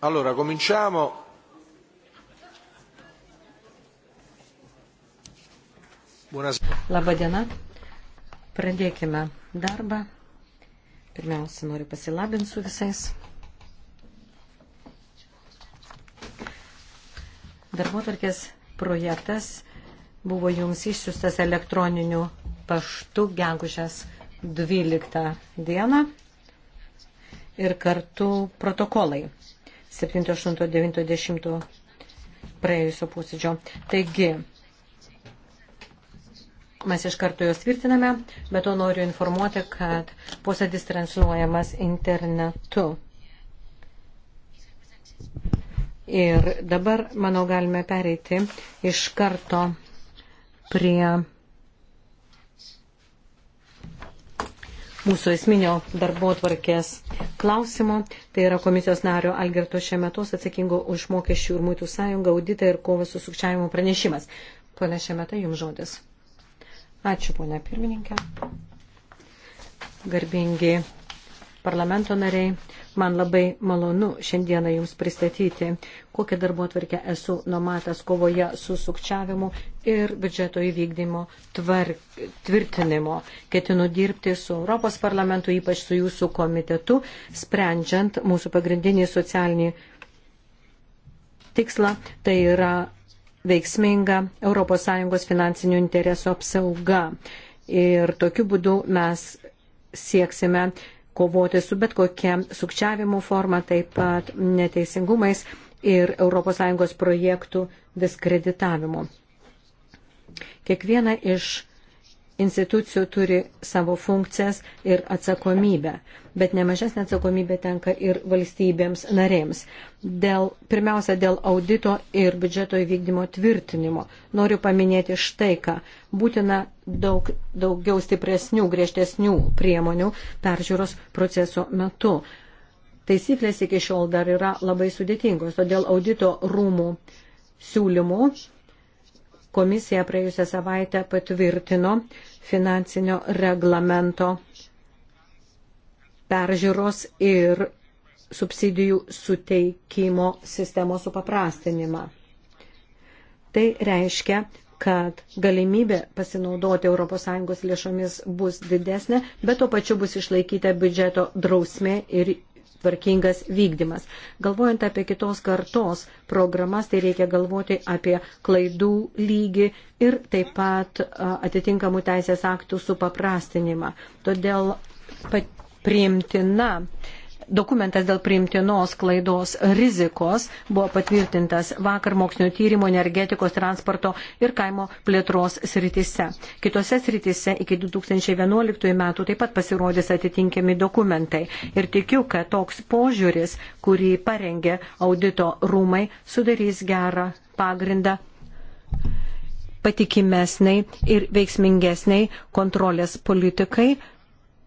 Allora, cominciamo. Labadiena. Pradėkime darbą. Pirmiausia, noriu pasilabinti su visais. Darbotarkės projektas buvo jums išsiustas elektroniniu paštu gegužės 12 dieną ir kartu protokolai 7, 8, 9, 10 praėjusio posėdžio. Taigi, mes iš karto juos tvirtiname, bet to noriu informuoti, kad posėdis transliuojamas internetu. Ir dabar, manau, galime pereiti iš karto prie mūsų esminio darbo tvarkės klausimo. Tai yra komisijos nario Algerto Šemetos atsakingo už mokesčių ir mūtų sąjungą, auditą ir kovą su sukčiavimu pranešimas. Pone Šemeta, jums žodis. Ačiū, ponia pirmininkė. Garbingi parlamento nariai, man labai malonu šiandieną Jums pristatyti, kokią darbo atvarkę esu numatęs kovoje su sukčiavimu ir biudžeto įvykdymo tvark, tvirtinimo. Ketinu dirbti su Europos parlamentu, ypač su Jūsų komitetu, sprendžiant mūsų pagrindinį socialinį tikslą, tai yra veiksminga ES finansinių interesų apsauga. Ir tokiu būdu mes sieksime kovoti su bet kokia sukčiavimo forma, taip pat neteisingumais ir ES projektų diskreditavimu. Kiekviena iš institucijų turi savo funkcijas ir atsakomybę, bet nemažesnė atsakomybė tenka ir valstybėms narėms. Dėl, pirmiausia, dėl audito ir biudžeto įvykdymo tvirtinimo noriu paminėti štai ką. Būtina daug, daugiau stipresnių, griežtesnių priemonių peržiūros proceso metu. Taisyklės iki šiol dar yra labai sudėtingos, todėl audito rūmų siūlymų komisija praėjusią savaitę patvirtino finansinio reglamento peržiūros ir subsidijų suteikimo sistemos supaprastinimą. Tai reiškia, kad galimybė pasinaudoti ES lėšomis bus didesnė, bet tuo pačiu bus išlaikyta biudžeto drausmė ir tvarkingas vykdymas. Galvojant apie kitos kartos programas, tai reikia galvoti apie klaidų lygį ir taip pat atitinkamų teisės aktų supaprastinimą. Todėl priimtina Dokumentas dėl priimtinos klaidos rizikos buvo patvirtintas vakar mokslinio tyrimo energetikos transporto ir kaimo plėtros sritise. Kitose sritise iki 2011 metų taip pat pasirodys atitinkami dokumentai. Ir tikiu, kad toks požiūris, kurį parengė audito rūmai, sudarys gerą pagrindą patikimesnei ir veiksmingesnei kontrolės politikai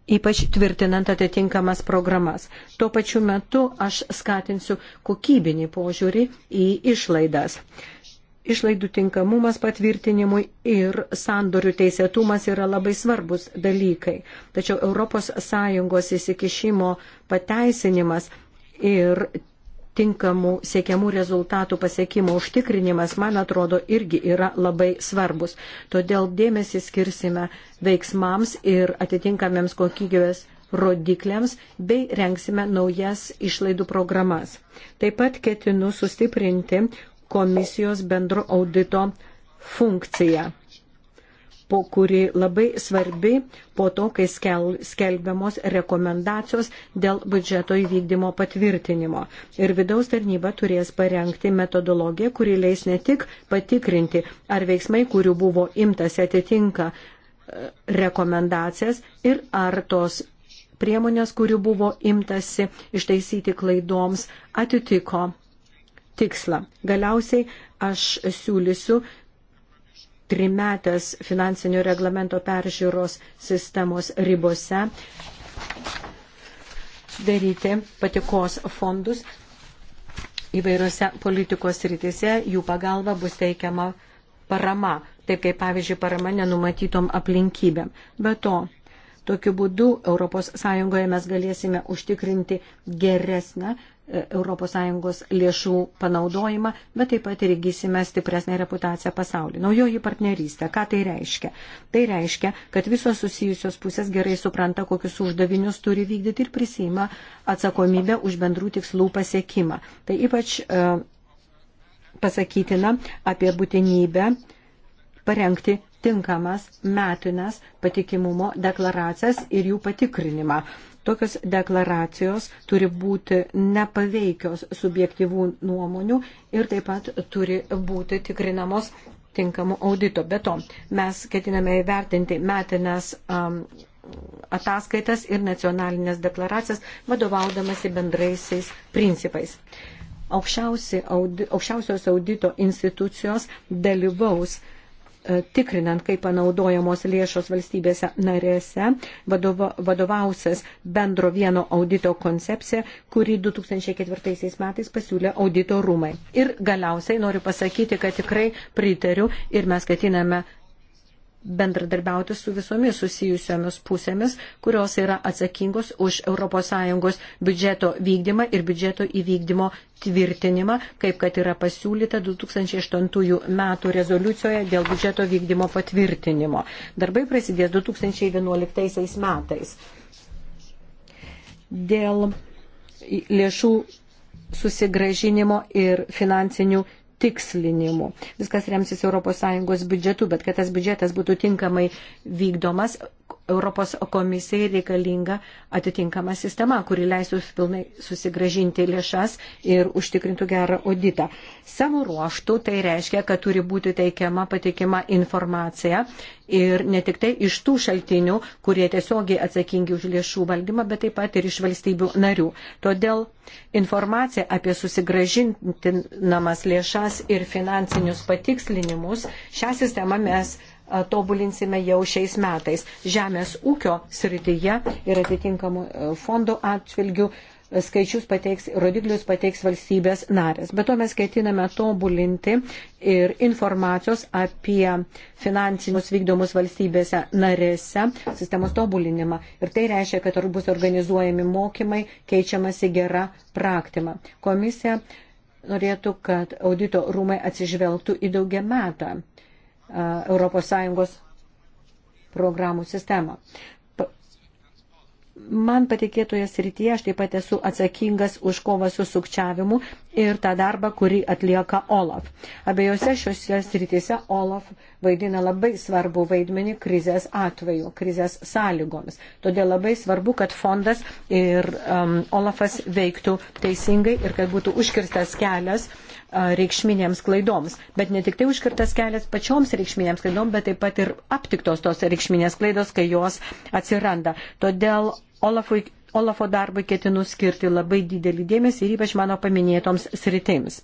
ypač tvirtinant atitinkamas programas. Tuo pačiu metu aš skatinsiu kokybinį požiūrį į išlaidas. Išlaidų tinkamumas patvirtinimui ir sandorių teisėtumas yra labai svarbus dalykai. Tačiau ES įsikišimo pateisinimas ir tinkamų siekiamų rezultatų pasiekimo užtikrinimas, man atrodo, irgi yra labai svarbus. Todėl dėmesį skirsime veiksmams ir atitinkamiems kokybės rodikliams bei rengsime naujas išlaidų programas. Taip pat ketinu sustiprinti komisijos bendro audito funkciją po kuri labai svarbi po to, kai skel, skelbiamos rekomendacijos dėl biudžeto įvykdymo patvirtinimo. Ir vidaus tarnyba turės parengti metodologiją, kuri leis ne tik patikrinti, ar veiksmai, kurių buvo imtas, atitinka e, rekomendacijas ir ar tos priemonės, kurių buvo imtasi ištaisyti klaidoms, atitiko tikslą. Galiausiai aš siūlysiu trimetės finansinio reglamento peržiūros sistemos ribose daryti patikos fondus įvairiose politikos rytise, jų pagalba bus teikiama parama, taip kaip pavyzdžiui parama nenumatytom aplinkybėm. Be to, tokiu būdu ES mes galėsime užtikrinti geresnę ES lėšų panaudojimą, bet taip pat ir įgysime stipresnę reputaciją pasaulį. Naujoji partnerystė, ką tai reiškia? Tai reiškia, kad visos susijusios pusės gerai supranta, kokius uždavinius turi vykdyti ir prisima atsakomybę už bendrų tikslų pasiekimą. Tai ypač e, pasakytina apie būtinybę parengti tinkamas metinės patikimumo deklaracijas ir jų patikrinimą tokios deklaracijos turi būti nepaveikios subjektyvų nuomonių ir taip pat turi būti tikrinamos tinkamų audito. Be to, mes ketiname įvertinti metinės um, ataskaitas ir nacionalinės deklaracijas, vadovaudamasi bendraisiais principais. Aukščiausi audi, aukščiausios audito institucijos dalyvaus uh, E, tikrinant, kaip panaudojamos lėšos valstybėse narėse, vadovausias bendro vieno audito koncepcija, kurį 2004 metais pasiūlė audito rūmai. Ir galiausiai noriu pasakyti, kad tikrai pritariu ir mes ketiname bendradarbiauti su visomis susijusiomis pusėmis, kurios yra atsakingos už ES biudžeto vykdymą ir biudžeto įvykdymo tvirtinimą, kaip kad yra pasiūlyta 2008 metų rezoliucijoje dėl biudžeto vykdymo patvirtinimo. Darbai prasidės 2011 metais. Dėl lėšų susigražinimo ir finansinių patikslinimu. Viskas remsis ES biudžetu, bet kad tas biudžetas būtų tinkamai vykdomas, Europos komisijai reikalinga atitinkama sistema, kuri leistų pilnai susigražinti lėšas ir užtikrintų gerą auditą. Savo ruoštų tai reiškia, kad turi būti teikiama patikima informacija ir ne tik tai iš tų šaltinių, kurie tiesiogiai atsakingi už lėšų valdymą, bet taip pat ir iš valstybių narių. Todėl informacija apie susigražintinamas lėšas ir finansinius patikslinimus, šią sistemą mes tobulinsime jau šiais metais. Žemės ūkio srityje ir atitinkamų e, fondų atšvilgių e, skaičius pateiks, rodiklius pateiks valstybės narės. Bet to mes ketiname tobulinti ir informacijos apie finansinius vykdomus valstybėse narėse sistemos tobulinimą. Ir tai reiškia, kad ar bus organizuojami mokymai, keičiamasi gera praktima. Komisija norėtų, kad audito rūmai atsižvelgtų į daugia metą ES programų sistemą. Man patikėtoje srityje aš taip pat esu atsakingas už kovą su sukčiavimu ir tą darbą, kurį atlieka OLAF. Abiejose šiose srityse OLAF vaidina labai svarbu vaidmenį krizės atveju, krizės sąlygomis. Todėl labai svarbu, kad fondas ir um, OLAFas veiktų teisingai ir kad būtų užkirstas kelias uh, reikšminėms klaidoms. Bet ne tik tai užkirtas kelias pačioms reikšminėms klaidom, bet taip pat ir aptiktos tos reikšminės klaidos, kai jos atsiranda. Todėl Olafui, Olafo darbui ketinu skirti labai didelį dėmesį ir ypač mano paminėtoms sritims.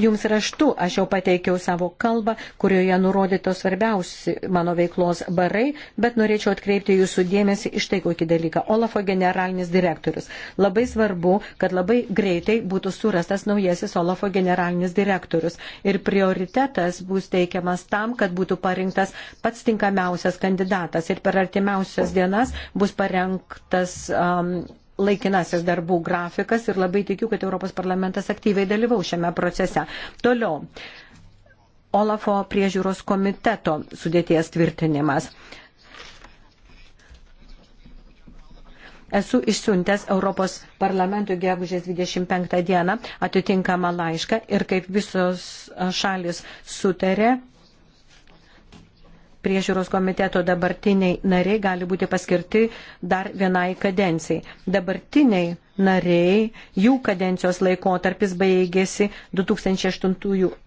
Jums raštu aš jau pateikiau savo kalbą, kurioje nurodytos svarbiausi mano veiklos barai, bet norėčiau atkreipti jūsų dėmesį iš tai kokį dalyką. Olafo generalinis direktorius. Labai svarbu, kad labai greitai būtų surastas naujasis Olafo generalinis direktorius. Ir prioritetas bus teikiamas tam, kad būtų parinktas pats tinkamiausias kandidatas. Ir per artimiausias dienas bus parengtas. Um, laikinasis darbų grafikas ir labai tikiu, kad Europos parlamentas aktyviai dalyvau šiame procese. Toliau. Olafo priežiūros komiteto sudėties tvirtinimas. esu išsiuntęs Europos parlamentui gegužės 25 dieną atitinkamą laišką ir kaip visos šalis sutarė, priežiūros komiteto dabartiniai nariai gali būti paskirti dar vienai kadencijai. Dabartiniai nariai, jų kadencijos laikotarpis baigėsi 2008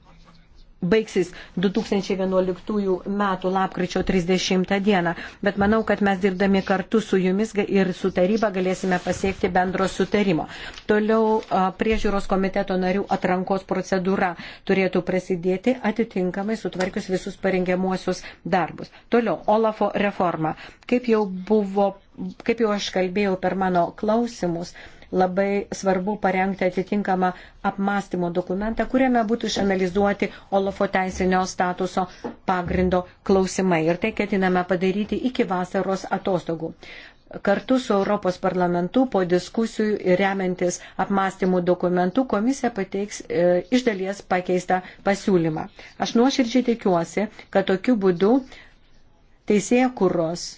baigsis 2011 metų lapkričio 30 dieną. Bet manau, kad mes dirbdami kartu su jumis ir su taryba galėsime pasiekti bendro sutarimo. Toliau priežiūros komiteto narių atrankos procedūra turėtų prasidėti atitinkamai sutvarkius visus parengiamuosius darbus. Toliau, Olafo reforma. Kaip jau buvo, kaip jau aš kalbėjau per mano klausimus, labai svarbu parengti atitinkamą apmąstymo dokumentą, kuriame būtų išanalizuoti Olofo teisinio statuso pagrindo klausimai. Ir tai ketiname padaryti iki vasaros atostogų. Kartu su Europos parlamentu po diskusijų ir remiantis apmąstymų dokumentų komisija pateiks e, iš dalies pakeistą pasiūlymą. Aš nuoširdžiai tikiuosi, kad tokiu būdu teisėje kuros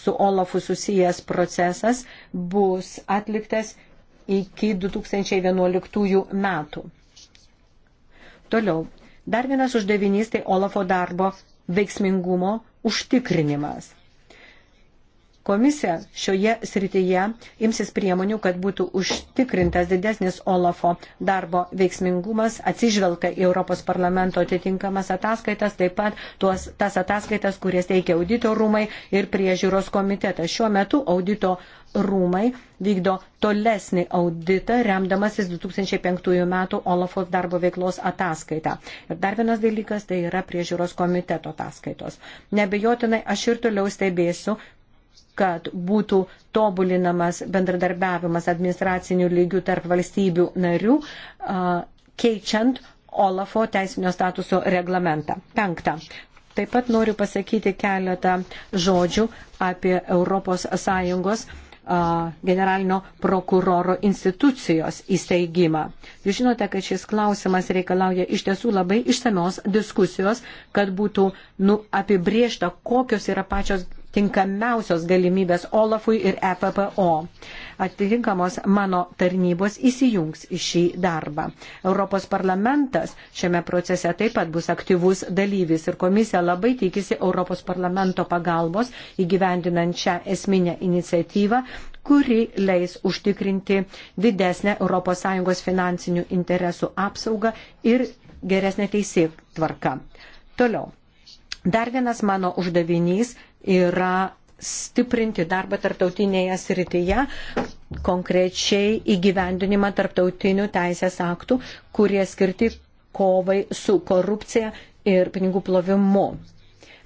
su Olafu susijęs procesas bus atliktas iki 2011 metų. Toliau, dar vienas uždavinys tai Olafo darbo veiksmingumo užtikrinimas. Komisija šioje srityje imsis priemonių, kad būtų užtikrintas didesnis Olafo darbo veiksmingumas, atsižvelgta į Europos parlamento atitinkamas ataskaitas, taip pat tuos, tas ataskaitas, kurias teikia audito rūmai ir priežiūros komitetas. Šiuo metu audito rūmai vykdo tolesnį auditą, remdamasis 2005 metų Olafo darbo veiklos ataskaitą. Ir dar vienas dalykas tai yra priežiūros komiteto ataskaitos. Nebejotinai aš ir toliau stebėsiu, kad būtų tobulinamas bendradarbiavimas administracinių lygių tarp valstybių narių, keičiant Olafo teisinio statuso reglamentą. Penkta. Taip pat noriu pasakyti keletą žodžių apie ES generalinio prokuroro institucijos įsteigimą. Jūs žinote, kad šis klausimas reikalauja iš tiesų labai išsamios diskusijos, kad būtų nu, apibriešta, kokios yra pačios tinkamiausios galimybės Olafui ir EPPO. Atitinkamos mano tarnybos įsijungs į šį darbą. Europos parlamentas šiame procese taip pat bus aktyvus dalyvis ir komisija labai tikisi Europos parlamento pagalbos įgyvendinant šią esminę iniciatyvą, kuri leis užtikrinti didesnę ES finansinių interesų apsaugą ir geresnę teisėtvarką. Toliau. Dar vienas mano uždavinys yra stiprinti darbą tarptautinėje srityje, konkrečiai įgyvendinimą tarptautinių teisės aktų, kurie skirti kovai su korupcija ir pinigų plovimu.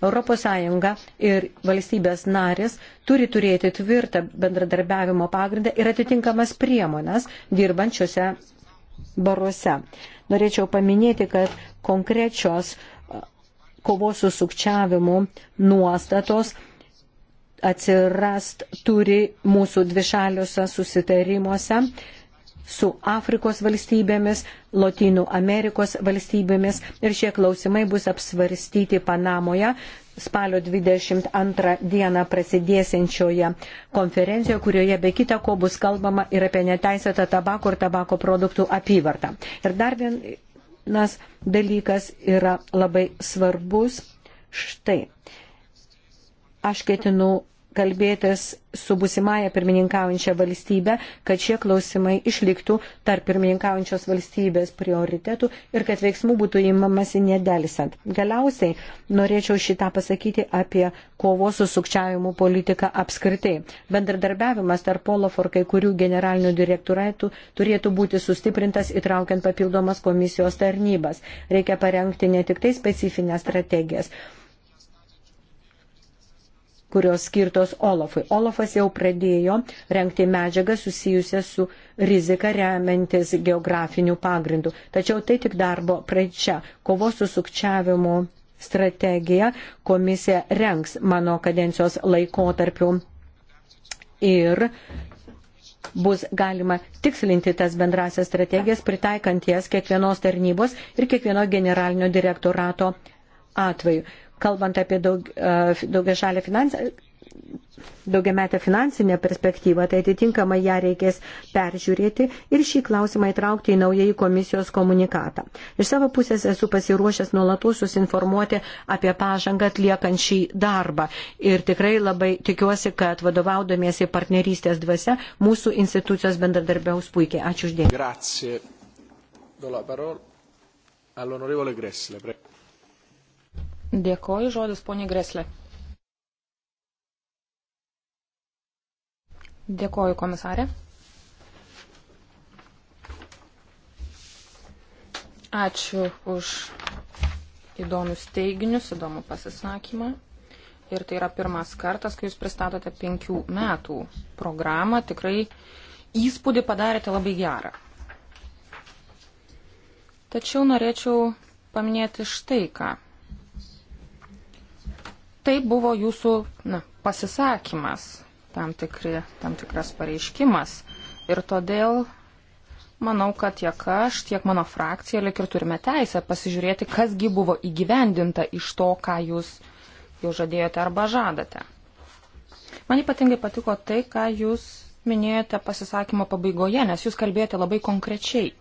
ES ir valstybės narės turi turėti tvirtą bendradarbiavimo pagrindą ir atitinkamas priemonas dirbančiose baruose. Norėčiau paminėti, kad konkrečios kovos su sukčiavimu nuostatos atsirast turi mūsų dvišaliuose susitarimuose su Afrikos valstybėmis, Lotynų Amerikos valstybėmis ir šie klausimai bus apsvarstyti Panamoje spalio 22 dieną prasidėsiančioje konferencijoje, kurioje be kita ko bus kalbama ir apie neteisėtą tabako ir tabako produktų apyvartą. Ir dar vien, vienas dalykas yra labai svarbus. Štai, aš ketinu kalbėtis su busimąją pirmininkaujančią valstybę, kad šie klausimai išliktų tarp pirmininkaujančios valstybės prioritetų ir kad veiksmų būtų įmamasi nedelsant. Galiausiai norėčiau šitą pasakyti apie kovos su sukčiavimu politiką apskritai. Bendradarbiavimas tarp Polof ir kai kurių generalinių direktoratų turėtų būti sustiprintas įtraukiant papildomas komisijos tarnybas. Reikia parengti ne tik tai specifines strategijas kurios skirtos Olafui. Olafas jau pradėjo renkti medžiagą susijusią su rizika remiantis geografiniu pagrindu. Tačiau tai tik darbo pradžia. Kovos su sukčiavimu strategija komisija renks mano kadencijos laikotarpiu ir bus galima tikslinti tas bendrasias strategijas, pritaikant jas kiekvienos tarnybos ir kiekvieno generalinio direktorato atveju kalbant apie daug, e, daugia šalį finansą daugiametę finansinę perspektyvą, tai atitinkamai ją reikės peržiūrėti ir šį klausimą įtraukti į naująjį komisijos komunikatą. Iš savo pusės esu pasiruošęs nuolatos susinformuoti apie pažangą atliekant šį darbą ir tikrai labai tikiuosi, kad vadovaudomėsi partnerystės dvasia mūsų institucijos bendradarbiaus puikiai. Ačiū uždėmesi. Dėkoju, žodis ponė Greslė. Dėkoju, komisarė. Ačiū už įdomius teiginius, įdomų pasisakymą. Ir tai yra pirmas kartas, kai jūs pristatote penkių metų programą. Tikrai įspūdį padarėte labai gerą. Tačiau norėčiau paminėti štai ką. Tai buvo jūsų na, pasisakymas, tam, tikri, tam tikras pareiškimas. Ir todėl manau, kad tiek aš, tiek mano frakcija lik ir turime teisę pasižiūrėti, kasgi buvo įgyvendinta iš to, ką jūs jau žadėjote arba žadate. Man ypatingai patiko tai, ką jūs minėjote pasisakymo pabaigoje, nes jūs kalbėjote labai konkrečiai.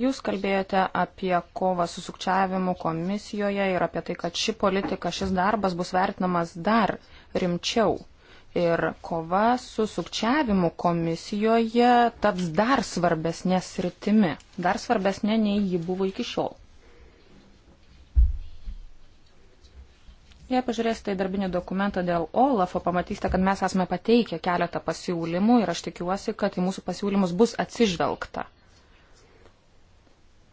Jūs kalbėjote apie kovą su sukčiavimu komisijoje ir apie tai, kad ši politika, šis darbas bus vertinamas dar rimčiau. Ir kova su sukčiavimu komisijoje taps dar svarbesnė sritimi, dar svarbesnė nei ji buvo iki šiol. Jei pažiūrėsite į darbinį dokumentą dėl OLAFO, pamatysite, kad mes esame pateikę keletą pasiūlymų ir aš tikiuosi, kad į mūsų pasiūlymus bus atsižvelgta.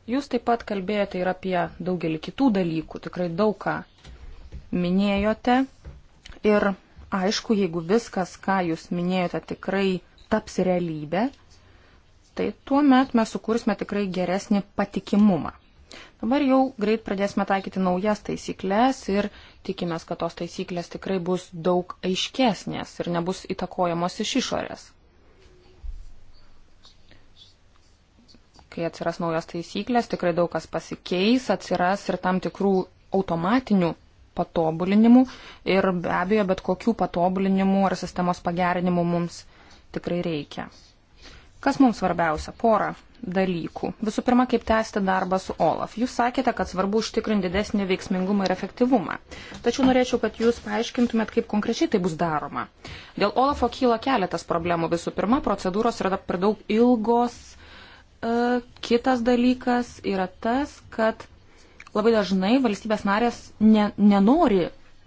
Jūs taip pat kalbėjote ir apie daugelį kitų dalykų, tikrai daug ką minėjote. Ir aišku, jeigu viskas, ką jūs minėjote, tikrai taps realybė, tai tuo met mes sukursime tikrai geresnį patikimumą. Dabar jau greit pradėsime taikyti naujas taisyklės ir tikimės, kad tos taisyklės tikrai bus daug aiškesnės ir nebus įtakojamos iš išorės. kai atsiras naujos taisyklės, tikrai daug kas pasikeis, atsiras ir tam tikrų automatinių patobulinimų ir be abejo, bet kokių patobulinimų ar sistemos pagerinimų mums tikrai reikia. Kas mums svarbiausia? Porą dalykų. Visų pirma, kaip tęsti darbą su OLAF. Jūs sakėte, kad svarbu užtikrinti didesnį veiksmingumą ir efektyvumą. Tačiau norėčiau, kad jūs paaiškintumėt, kaip konkrečiai tai bus daroma. Dėl OLAFo kyla keletas problemų. Visų pirma, procedūros yra per daug ilgos E, kitas dalykas yra tas, kad labai dažnai valstybės narės ne, nenori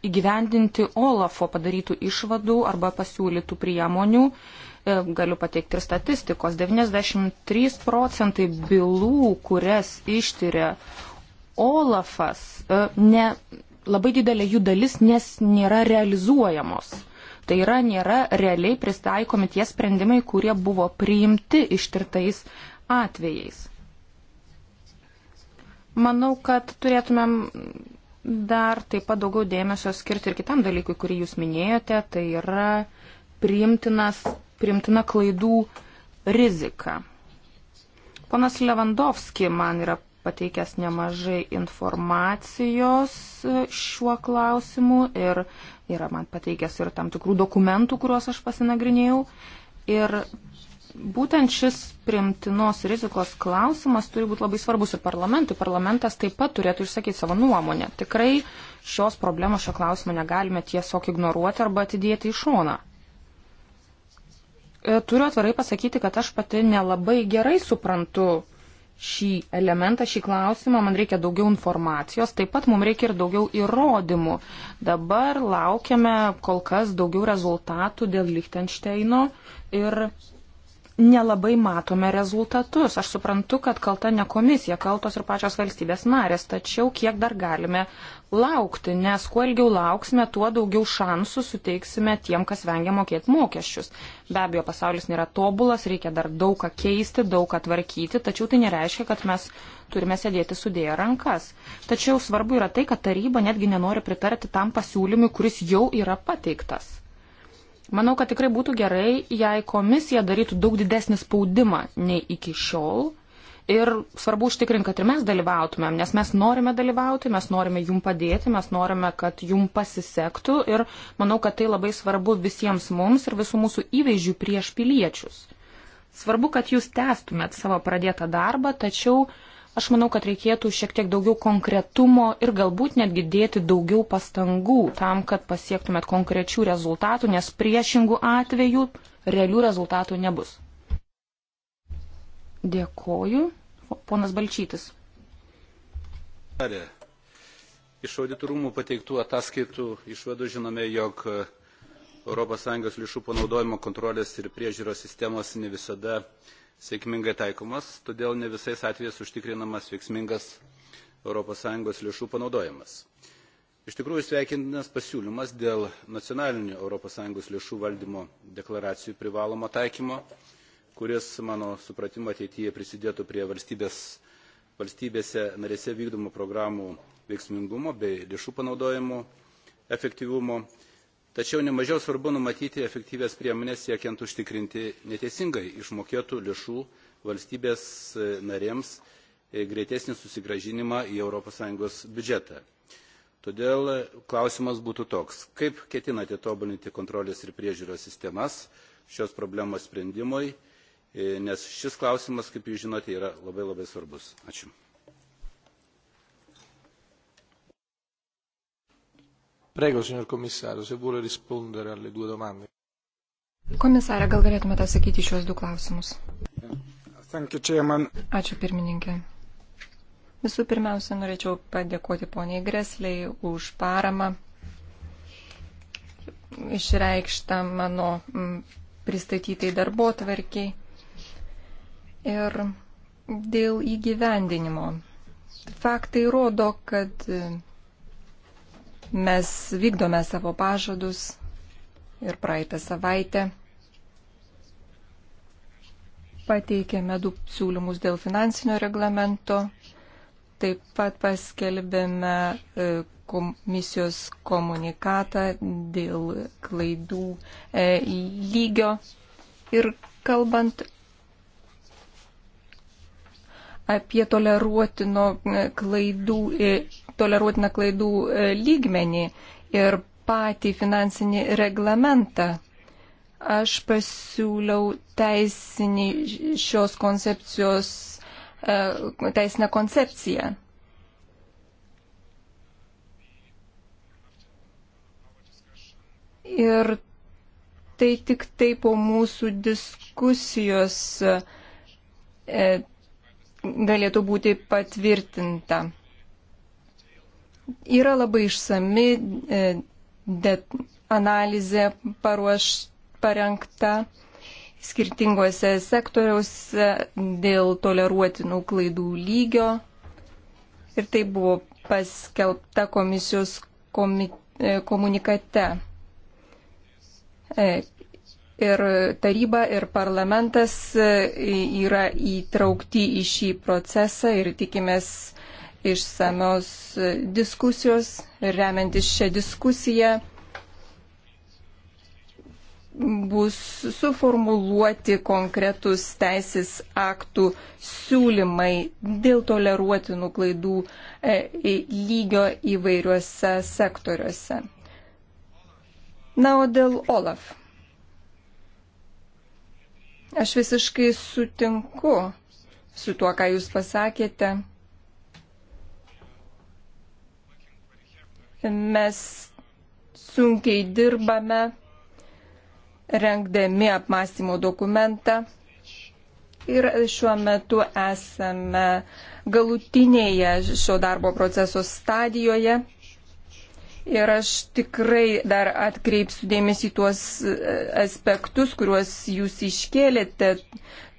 įgyvendinti Olafo padarytų išvadų arba pasiūlytų priemonių. E, galiu pateikti ir statistikos. 93 procentai bylų, kurias ištyrė Olafas, e, ne, labai didelė jų dalis, nes nėra realizuojamos. Tai yra, nėra realiai pristaikomi tie sprendimai, kurie buvo priimti ištirtais atvejais. Manau, kad turėtumėm dar taip pat daugiau dėmesio skirti ir kitam dalykui, kurį jūs minėjote, tai yra priimtinas, priimtina klaidų rizika. Ponas Levandovski man yra pateikęs nemažai informacijos šiuo klausimu ir yra man pateikęs ir tam tikrų dokumentų, kuriuos aš pasinagrinėjau. Ir būtent šis primtinos rizikos klausimas turi būti labai svarbus ir parlamentui. Parlamentas taip pat turėtų išsakyti savo nuomonę. Tikrai šios problemos šio klausimo negalime tiesiog ignoruoti arba atidėti į šoną. E, turiu atvarai pasakyti, kad aš pati nelabai gerai suprantu šį elementą, šį klausimą, man reikia daugiau informacijos, taip pat mums reikia ir daugiau įrodymų. Dabar laukiame kol kas daugiau rezultatų dėl Lichtensteino ir nelabai matome rezultatus. Aš suprantu, kad kalta ne komisija, kaltos ir pačios valstybės narės, tačiau kiek dar galime laukti, nes kuo ilgiau lauksime, tuo daugiau šansų suteiksime tiem, kas vengia mokėti mokesčius. Be abejo, pasaulis nėra tobulas, reikia dar daug ką keisti, daug ką tvarkyti, tačiau tai nereiškia, kad mes turime sėdėti sudėję rankas. Tačiau svarbu yra tai, kad taryba netgi nenori pritarti tam pasiūlymui, kuris jau yra pateiktas. Manau, kad tikrai būtų gerai, jei komisija darytų daug didesnį spaudimą nei iki šiol. Ir svarbu užtikrinti, kad ir mes dalyvautumėm, nes mes norime dalyvauti, mes norime jum padėti, mes norime, kad jum pasisektų ir manau, kad tai labai svarbu visiems mums ir visų mūsų įvaizdžių prieš piliečius. Svarbu, kad jūs testumėt savo pradėtą darbą, tačiau uh, Aš manau, kad reikėtų šiek tiek daugiau konkretumo ir galbūt netgi dėti daugiau pastangų tam, kad pasiektumėt konkrečių rezultatų, nes priešingų atvejų realių rezultatų nebus. Dėkoju. Ponas Balčytis. Iš auditorumų pateiktų ataskaitų išvadų žinome, jog ES lėšų panaudojimo kontrolės ir priežiūros sistemos ne visada uh, sėkmingai taikomas, todėl ne visais atvejais užtikrinamas veiksmingas ES lėšų panaudojimas. Iš tikrųjų sveikintinas pasiūlymas dėl nacionalinių ES lėšų valdymo deklaracijų privalomo taikymo, kuris, mano supratimo, ateityje prisidėtų prie valstybės, valstybėse narėse vykdomų programų veiksmingumo bei lėšų panaudojimo efektyvumo. Tačiau nemažiau svarbu numatyti efektyvės priemonės siekiant užtikrinti neteisingai išmokėtų lėšų valstybės e, narėms e, greitesnį susigražinimą į ES biudžetą. Todėl klausimas būtų toks, kaip ketinate tobulinti kontrolės ir priežiūros sistemas šios problemos sprendimui, e, nes šis klausimas, kaip jūs žinote, yra labai labai svarbus. Ačiū. Prego, signor komisario, se vuole rispondere alle due domande. Komisarė, gal galėtumėte atsakyti šiuos du klausimus? Ačiū pirmininkė. Visų pirmiausia, norėčiau padėkoti poniai Gresliai už paramą išreikštą mano mm, pristatytai darbo tvarkiai ir dėl įgyvendinimo. Faktai rodo, kad Mes vykdome savo pažadus ir praeitą savaitę pateikėme du siūlymus dėl finansinio reglamento, taip pat paskelbėme e, komisijos komunikatą dėl klaidų e, lygio ir kalbant apie toleruotino klaidų, e, toleruotiną klaidų e, lygmenį ir patį finansinį reglamentą. Aš pasiūliau teisinį šios koncepcijos, e, teisinę koncepciją. Ir tai tik tai po mūsų diskusijos galėtų būti patvirtinta. Yra labai išsami e, analizė paruoš, parengta skirtingose sektoriuose dėl toleruotinų klaidų lygio. Ir tai buvo paskelbta komisijos komi, e, komunikate. E, ir taryba, ir parlamentas e, yra įtraukti į šį procesą ir tikimės išsamios diskusijos ir remiantis šią diskusiją bus suformuluoti konkretus teisės aktų siūlymai dėl toleruotinų klaidų e, lygio įvairiuose sektoriuose. Na, o dėl OLAF. Aš visiškai sutinku su tuo, ką Jūs pasakėte. Mes sunkiai dirbame, rengdami apmąstymo dokumentą ir šiuo metu esame galutinėje šio darbo proceso stadijoje. Ir aš tikrai dar atkreipsiu dėmesį tuos e, aspektus, kuriuos jūs iškėlėte,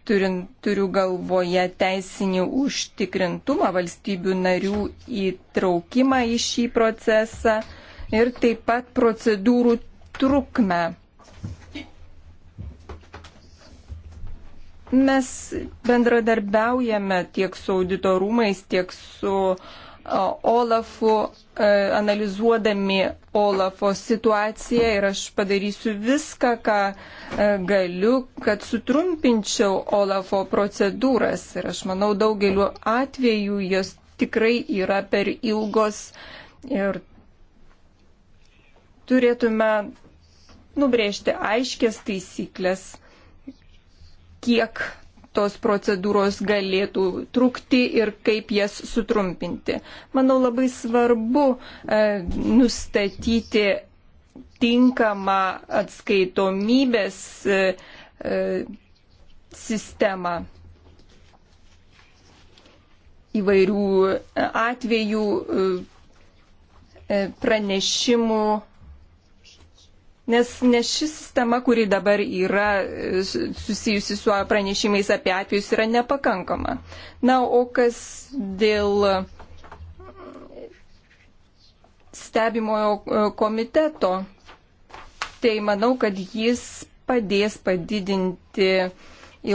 turint, turiu galvoje teisinį užtikrintumą valstybių narių įtraukimą į šį procesą ir taip pat procedūrų trukmę. Mes bendradarbiaujame tiek su auditorumais, tiek su uh, Olafu, e, analizuodami Olafo situaciją ir aš padarysiu viską, ką e, galiu, kad sutrumpinčiau Olafo procedūras. Ir aš manau, daugeliu atveju jos tikrai yra per ilgos ir turėtume nubrėžti aiškės taisyklės, kiek tos procedūros galėtų trukti ir kaip jas sutrumpinti. Manau, labai svarbu e, nustatyti tinkamą atskaitomybės e, e, sistemą įvairių e, atvejų e, e, pranešimų Nes ne ši sistema, kuri dabar yra e, susijusi su pranešimais apie atvejus, yra nepakankama. Na, o kas dėl e, stebimojo e, komiteto, tai manau, kad jis padės padidinti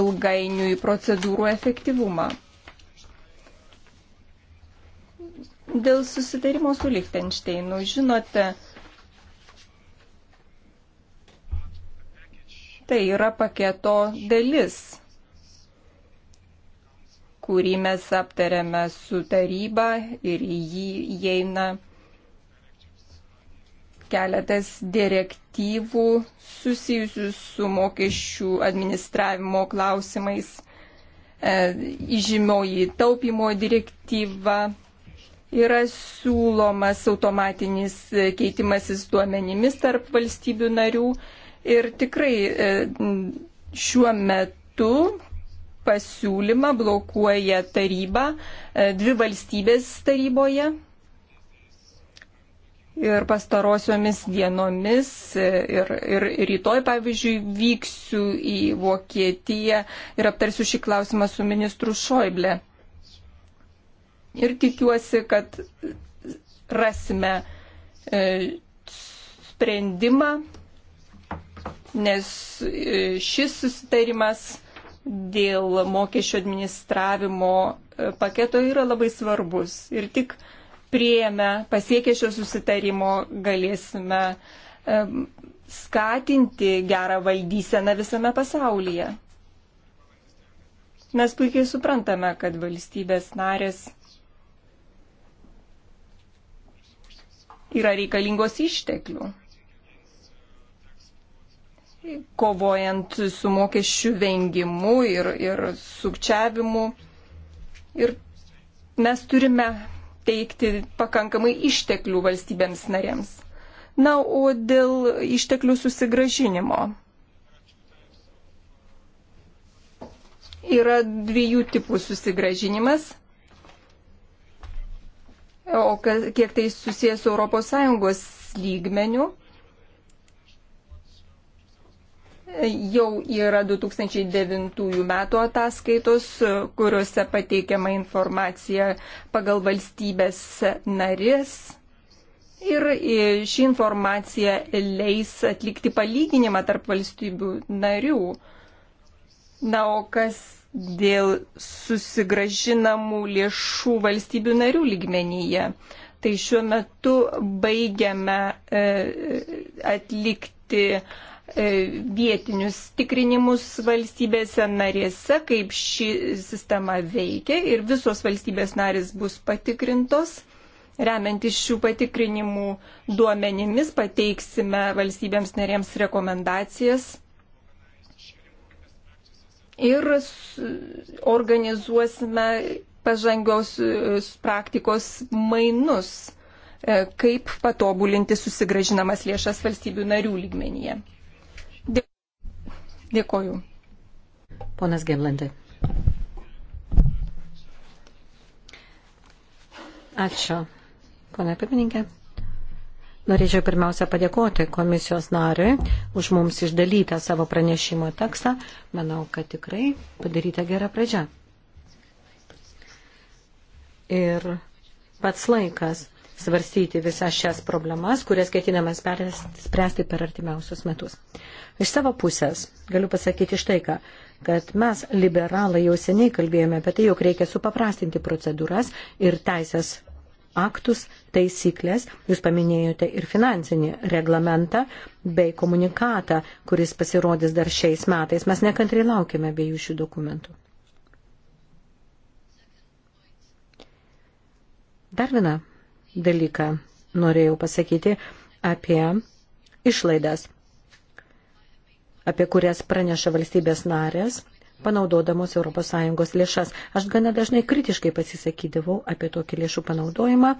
ilgainiui procedūrų efektyvumą. Dėl susitarimo su Lichtensteinu, žinote, Tai yra paketo dalis, kurį mes aptarėme su taryba ir į jį įeina keletas direktyvų susijusių su mokesčių administravimo klausimais, e, įžymioji taupimo direktyva, yra siūlomas automatinis keitimasis duomenimis tarp valstybių narių Ir tikrai e, šiuo metu pasiūlymą blokuoja taryba, e, dvi valstybės taryboje. Ir pastarosiomis dienomis e, ir, ir rytoj, pavyzdžiui, vyksiu į Vokietiją ir aptarsiu šį klausimą su ministru Šoible. Ir tikiuosi, kad rasime sprendimą nes e, šis susitarimas dėl mokesčio administravimo e, paketo yra labai svarbus. Ir tik prieėmę, pasiekę šio susitarimo, galėsime e, skatinti gerą valdyseną visame pasaulyje. Mes puikiai suprantame, kad valstybės narės yra reikalingos išteklių kovojant su mokesčių vengimu ir, ir sukčiavimu. Ir mes turime teikti pakankamai išteklių valstybėms narėms. Na, o dėl išteklių susigražinimo. Yra dviejų tipų susigražinimas. O kiek tai susijęs su ES lygmeniu, Jau yra 2009 metų ataskaitos, kuriuose pateikiama informacija pagal valstybės narės. Ir ši informacija leis atlikti palyginimą tarp valstybių narių. Na, o kas dėl susigražinamų lėšų valstybių narių lygmenyje? Tai šiuo metu baigiame e, atlikti E, vietinius tikrinimus valstybėse narėse, kaip ši sistema veikia ir visos valstybės narės bus patikrintos. Remiantis šių patikrinimų duomenimis pateiksime valstybėms narėms rekomendacijas ir organizuosime pažangios e, praktikos mainus, e, kaip patobulinti susigražinamas lėšas valstybių narių lygmenyje. Dėkoju. Ponas Gemlandai. Ačiū, ponai pirmininkė. Norėčiau pirmiausia padėkoti komisijos nariui už mums išdalytą savo pranešimo tekstą. Manau, kad tikrai padaryta gera pradžia. Ir pats laikas svarstyti visas šias problemas, kurias ketinamas spręsti per artimiausius metus. Iš savo pusės galiu pasakyti štai ką, kad mes, liberalai, jau seniai kalbėjome apie tai, jog reikia supaprastinti procedūras ir teisės aktus, taisyklės, jūs paminėjote ir finansinį reglamentą bei komunikatą, kuris pasirodys dar šiais metais. Mes nekantrai laukime abiejų šių dokumentų. Dar viena dalyką norėjau pasakyti apie išlaidas, apie kurias praneša valstybės narės, panaudodamos ES lėšas. Aš gana dažnai kritiškai pasisakydavau apie tokį lėšų panaudojimą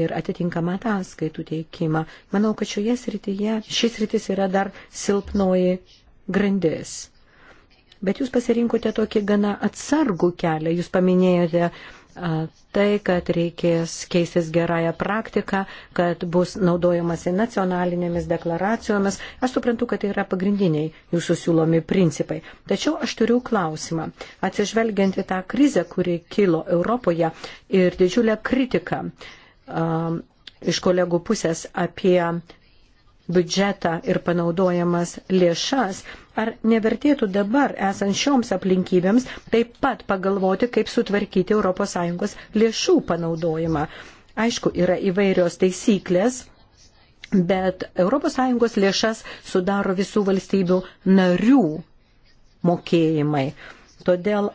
ir atitinkamą ataskaitų teikimą. Manau, kad šioje srityje, šis rytis yra dar silpnoji grandis. Bet jūs pasirinkote tokį gana atsargų kelią, jūs paminėjote tai, kad reikės keistis gerąją praktiką, kad bus naudojamasi nacionalinėmis deklaracijomis. Aš suprantu, kad tai yra pagrindiniai jūsų siūlomi principai. Tačiau aš turiu klausimą. Atsižvelgiant į tą krizę, kuri kilo Europoje ir didžiulę kritiką um, iš kolegų pusės apie biudžetą ir panaudojamas lėšas, ar nevertėtų dabar, esant šioms aplinkybėms, taip pat pagalvoti, kaip sutvarkyti ES lėšų panaudojimą. Aišku, yra įvairios taisyklės, bet ES lėšas sudaro visų valstybių narių mokėjimai. Todėl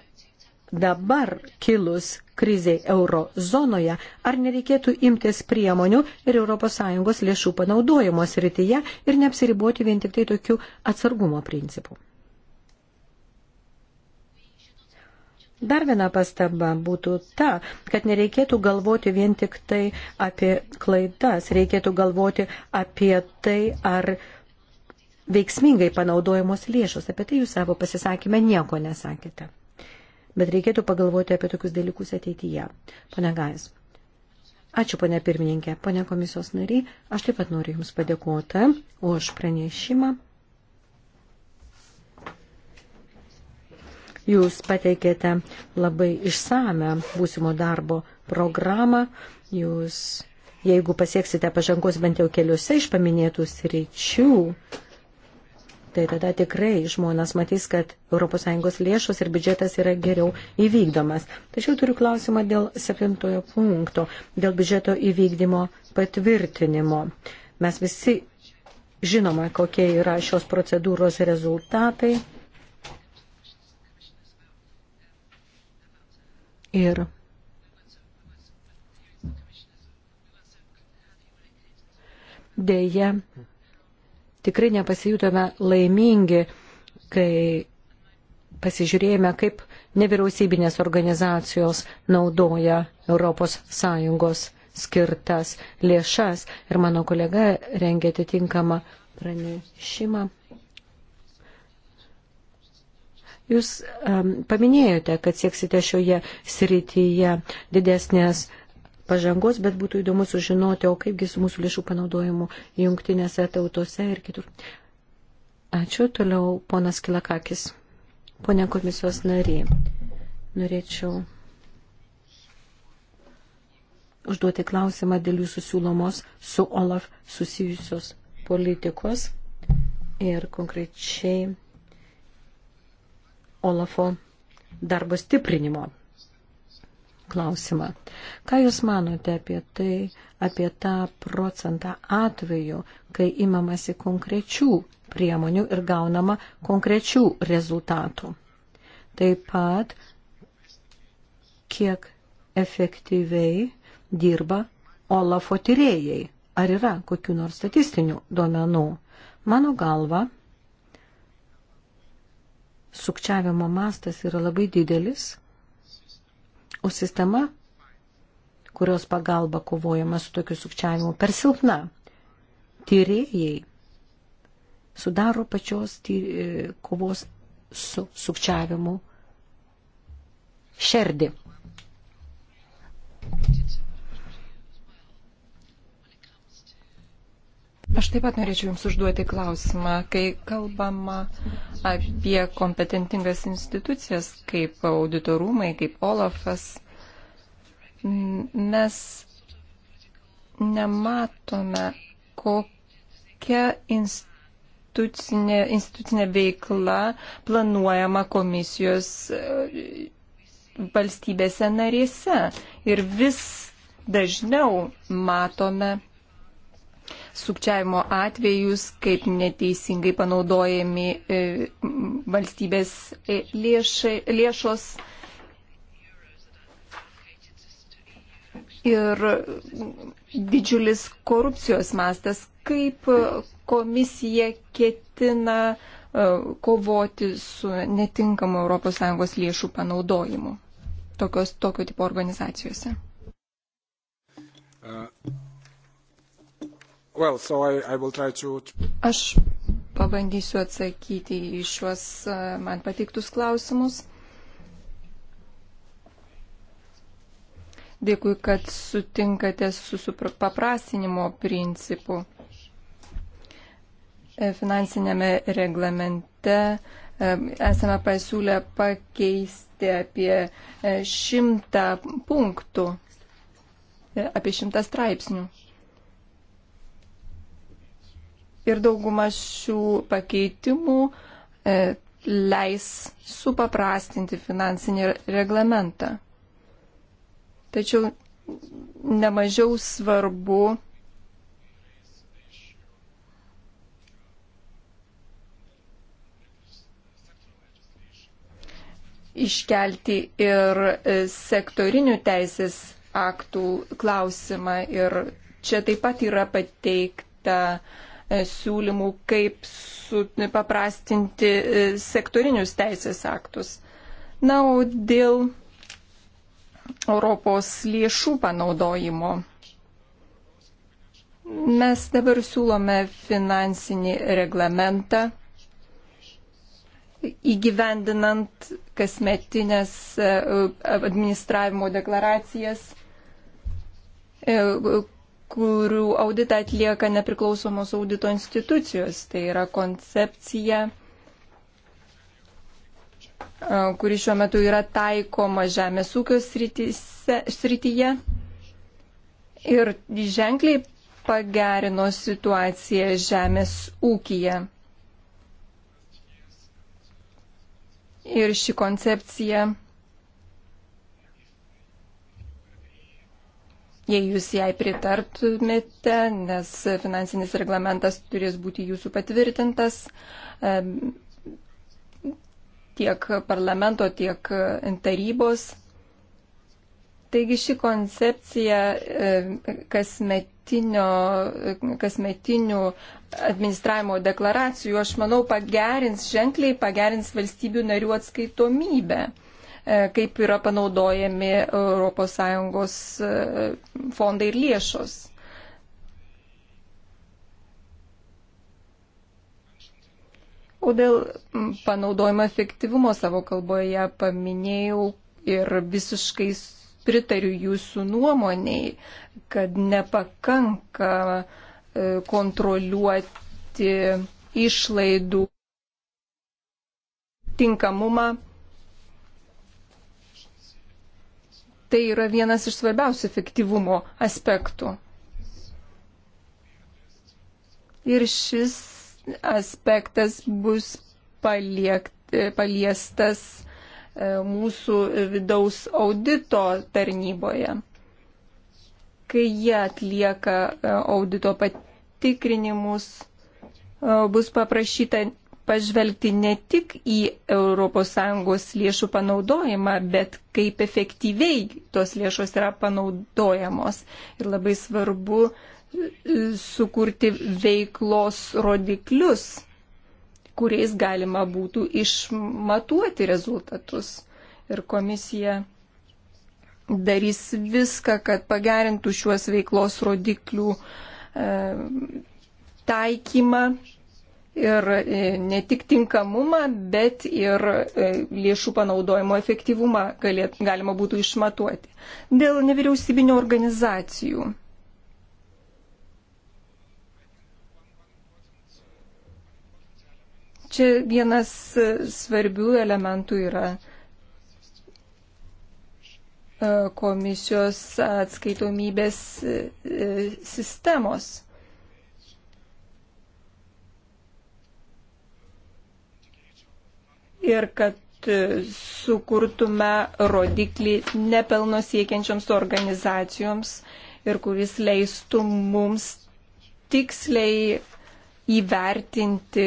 dabar kilus kriziai euro zonoje, ar nereikėtų imtis priemonių ir ES lėšų panaudojimo srityje ir neapsiriboti vien tik tai tokiu atsargumo principu. Dar viena pastaba būtų ta, kad nereikėtų galvoti vien tik tai apie klaidas, reikėtų galvoti apie tai, ar veiksmingai panaudojamos lėšos. Apie tai jūs savo pasisakymę nieko nesakėte bet reikėtų pagalvoti apie tokius dalykus ateityje. Pane Gais. Ačiū, pane pirmininkė, pane komisijos nariai. Aš taip pat noriu Jums padėkoti už pranešimą. Jūs pateikėte labai išsame būsimo darbo programą. Jūs, jeigu pasieksite pažangos bent jau keliuose iš paminėtų sričių, tai tada tikrai žmonės matys, kad ES lėšos ir biudžetas yra geriau įvykdomas. Tačiau turiu klausimą dėl septintojo punkto, dėl biudžeto įvykdymo patvirtinimo. Mes visi žinome, kokie yra šios procedūros rezultatai. Ir dėja, tikrai nepasijutome laimingi, kai pasižiūrėjome, kaip nevyriausybinės organizacijos naudoja ES skirtas lėšas. Ir mano kolega rengė atitinkamą pranešimą. Jūs um, paminėjote, kad sieksite šioje srityje didesnės pažangos, bet būtų įdomu sužinoti, o kaipgi su mūsų lėšų panaudojimu jungtinėse tautose ir kitur. Ačiū. Toliau ponas Kilakakis. Pone komisijos nariai, norėčiau užduoti klausimą dėl jūsų siūlomos su OLAF susijusios politikos ir konkrečiai OLAFo darbo stiprinimo klausimą. Ką Jūs manote apie tai, apie tą procentą atvejų, kai imamasi konkrečių priemonių ir gaunama konkrečių rezultatų? Taip pat, kiek efektyviai dirba Olafo tyrėjai? Ar yra kokiu nors statistinių duomenų? Mano galva, sukčiavimo mastas yra labai didelis O sistema, kurios pagalba kovojama su tokiu sukčiavimu, per silpna. Tyrėjai sudaro pačios tyri, e, kovos su sukčiavimu šerdį. Aš taip pat norėčiau Jums užduoti klausimą, kai kalbama apie kompetentingas institucijas kaip auditorumai, kaip Olafas, mes nematome, kokia institucinė, institucinė veikla planuojama komisijos e, valstybėse narėse. Ir vis dažniau matome sukčiavimo atvejus, kaip neteisingai panaudojami e, valstybės e, lėšai, lėšos. Ir didžiulis korupcijos mastas, kaip komisija ketina e, kovoti su netinkamu ES lėšų panaudojimu tokios, tokio tipo organizacijose. Uh. Well, so I, I will try to... Aš pabandysiu atsakyti į šiuos man patiktus klausimus. Dėkui, kad sutinkate su paprastinimo principu. E, Finansinėme reglamente e, esame pasiūlę pakeisti apie e, šimtą punktų, apie šimtą straipsnių ir dauguma šių pakeitimų e, leis supaprastinti finansinį reglamentą. Tačiau nemažiau svarbu iškelti ir e, sektorinių teisės aktų klausimą. Ir čia taip pat yra pateikta uh, E, siūlymų, kaip e, paprastinti e, sektorinius teisės aktus. Na, o dėl Europos lėšų panaudojimo. Mes dabar siūlome finansinį reglamentą įgyvendinant kasmetinės administravimo deklaracijas, kurių auditą atlieka nepriklausomos audito institucijos. Tai yra koncepcija, kuri šiuo metu yra taikoma žemės ūkio srityse, srityje ir ženkliai pagerino situaciją žemės ūkyje. Ir ši koncepcija jei jūs jai pritartumėte, nes finansinis reglamentas turės būti jūsų patvirtintas tiek parlamento, tiek tarybos. Taigi ši koncepcija kasmetinių administravimo deklaracijų, aš manau, pagerins ženkliai, pagerins valstybių narių atskaitomybę. E, kaip yra panaudojami ES e, fondai ir lėšos. O dėl panaudojimo efektyvumo savo kalboje paminėjau ir visiškai pritariu jūsų nuomoniai, kad nepakanka e, kontroliuoti išlaidų tinkamumą tai yra vienas iš svarbiausių efektyvumo aspektų. Ir šis aspektas bus paliekt, paliestas e, mūsų vidaus audito tarnyboje. Kai jie atlieka e, audito patikrinimus, e, bus paprašyta pažvelgti ne tik į ES lėšų panaudojimą, bet kaip efektyviai tos lėšos yra panaudojamos. Ir labai svarbu e, sukurti veiklos rodiklius, kuriais galima būtų išmatuoti rezultatus. Ir komisija darys viską, kad pagerintų šiuos veiklos rodiklių e, taikymą ir e, ne tik tinkamumą, bet ir e, lėšų panaudojimo efektyvumą galėt, galima būtų išmatuoti. Dėl nevyriausybinio organizacijų. Čia vienas svarbių elementų yra e, komisijos atskaitomybės sistemos. ir kad e, sukurtume rodiklį nepelno siekiančioms organizacijoms ir kuris leistų mums tiksliai įvertinti,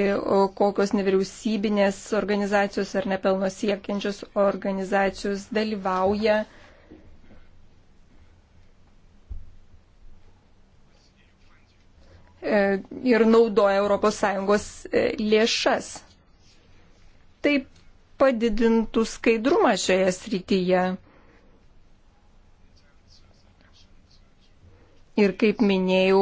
kokios nevyriausybinės organizacijos ar nepelno siekiančios organizacijos dalyvauja e, ir naudoja ES e, lėšas tai padidintų skaidrumą šioje srityje. Ir kaip minėjau,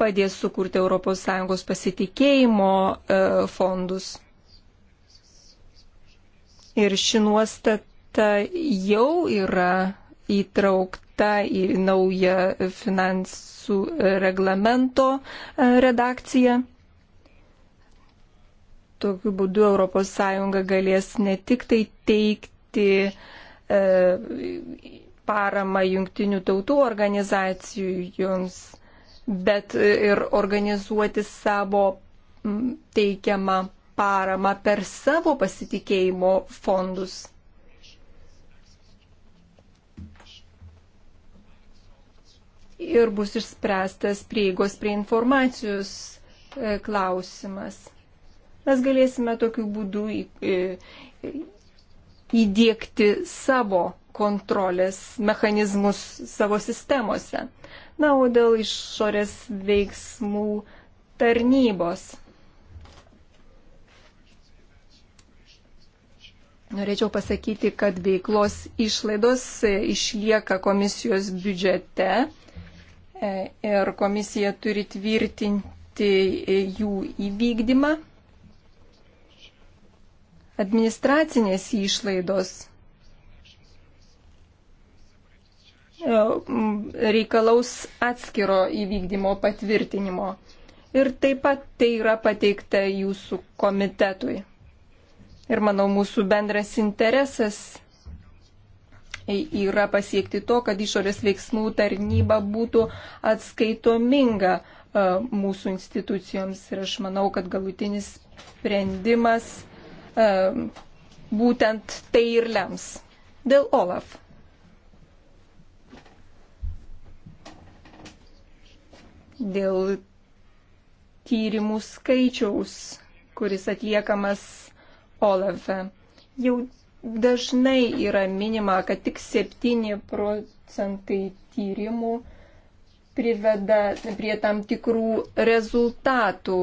padės sukurti ES pasitikėjimo e, fondus. Ir ši nuostata jau yra įtraukta į naują finansų reglamento e, redakciją. Tokiu būdu ES galės ne tik tai teikti e, paramą jungtinių tautų organizacijoms, bet ir organizuoti savo teikiamą paramą per savo pasitikėjimo fondus. Ir bus išspręstas prieigos prie informacijos e, klausimas mes galėsime tokiu būdu įdėkti savo kontrolės mechanizmus savo sistemose. Na, o dėl išorės veiksmų tarnybos. Norėčiau pasakyti, kad veiklos išlaidos e, išlieka komisijos biudžete e, ir komisija turi tvirtinti e, jų įvykdymą administracinės išlaidos e, reikalaus atskiro įvykdymo patvirtinimo. Ir taip pat tai yra pateikta jūsų komitetui. Ir manau, mūsų bendras interesas yra pasiekti to, kad išorės veiksmų tarnyba būtų atskaitominga e, mūsų institucijoms. Ir aš manau, kad galutinis sprendimas Ehm, būtent tai ir lems. Dėl Olaf. Dėl tyrimų skaičiaus, kuris atliekamas Olafe. Jau dažnai yra minima, kad tik 7 procentai tyrimų priveda prie tam tikrų rezultatų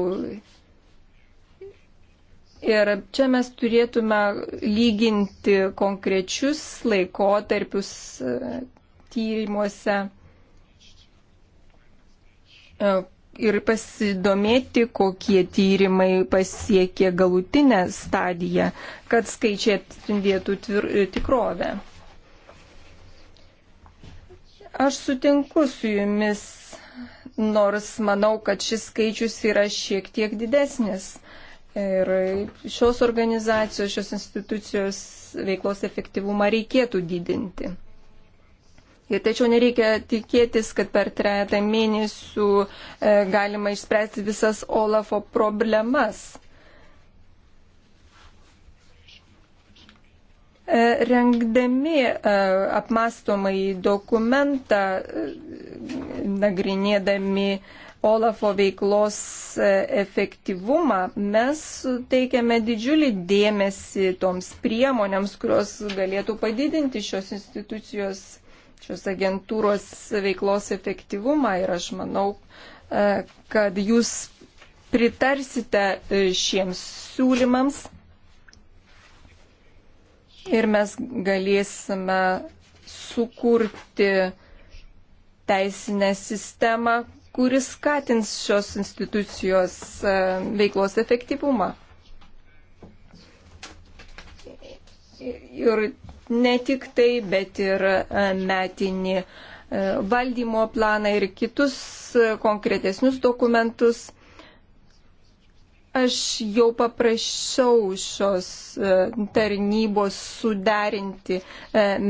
Ir čia mes turėtume lyginti konkrečius laikotarpius e, tyrimuose e, ir pasidomėti, kokie tyrimai pasiekė galutinę stadiją, kad skaičiai atspindėtų e, tikrovę. Aš sutinku su jumis, nors manau, kad šis skaičius yra šiek tiek didesnis. Ir šios organizacijos, šios institucijos veiklos efektyvumą reikėtų didinti. Ir tačiau nereikia tikėtis, kad per trejatą mėnesių e, galima išspręsti visas Olafo problemas. E, rengdami e, apmastomąjį dokumentą, e, nagrinėdami Olafo veiklos e, efektyvumą, mes teikiame didžiulį dėmesį toms priemonėms, kurios galėtų padidinti šios institucijos, šios agentūros veiklos efektyvumą. Ir aš manau, e, kad jūs pritarsite e, šiems siūlymams ir mes galėsime sukurti teisinę sistemą, kuris skatins šios institucijos e, veiklos efektyvumą. Ir ne tik tai, bet ir e, metinį e, valdymo planą ir kitus konkretesnius dokumentus Aš jau paprašiau šios e, tarnybos suderinti e,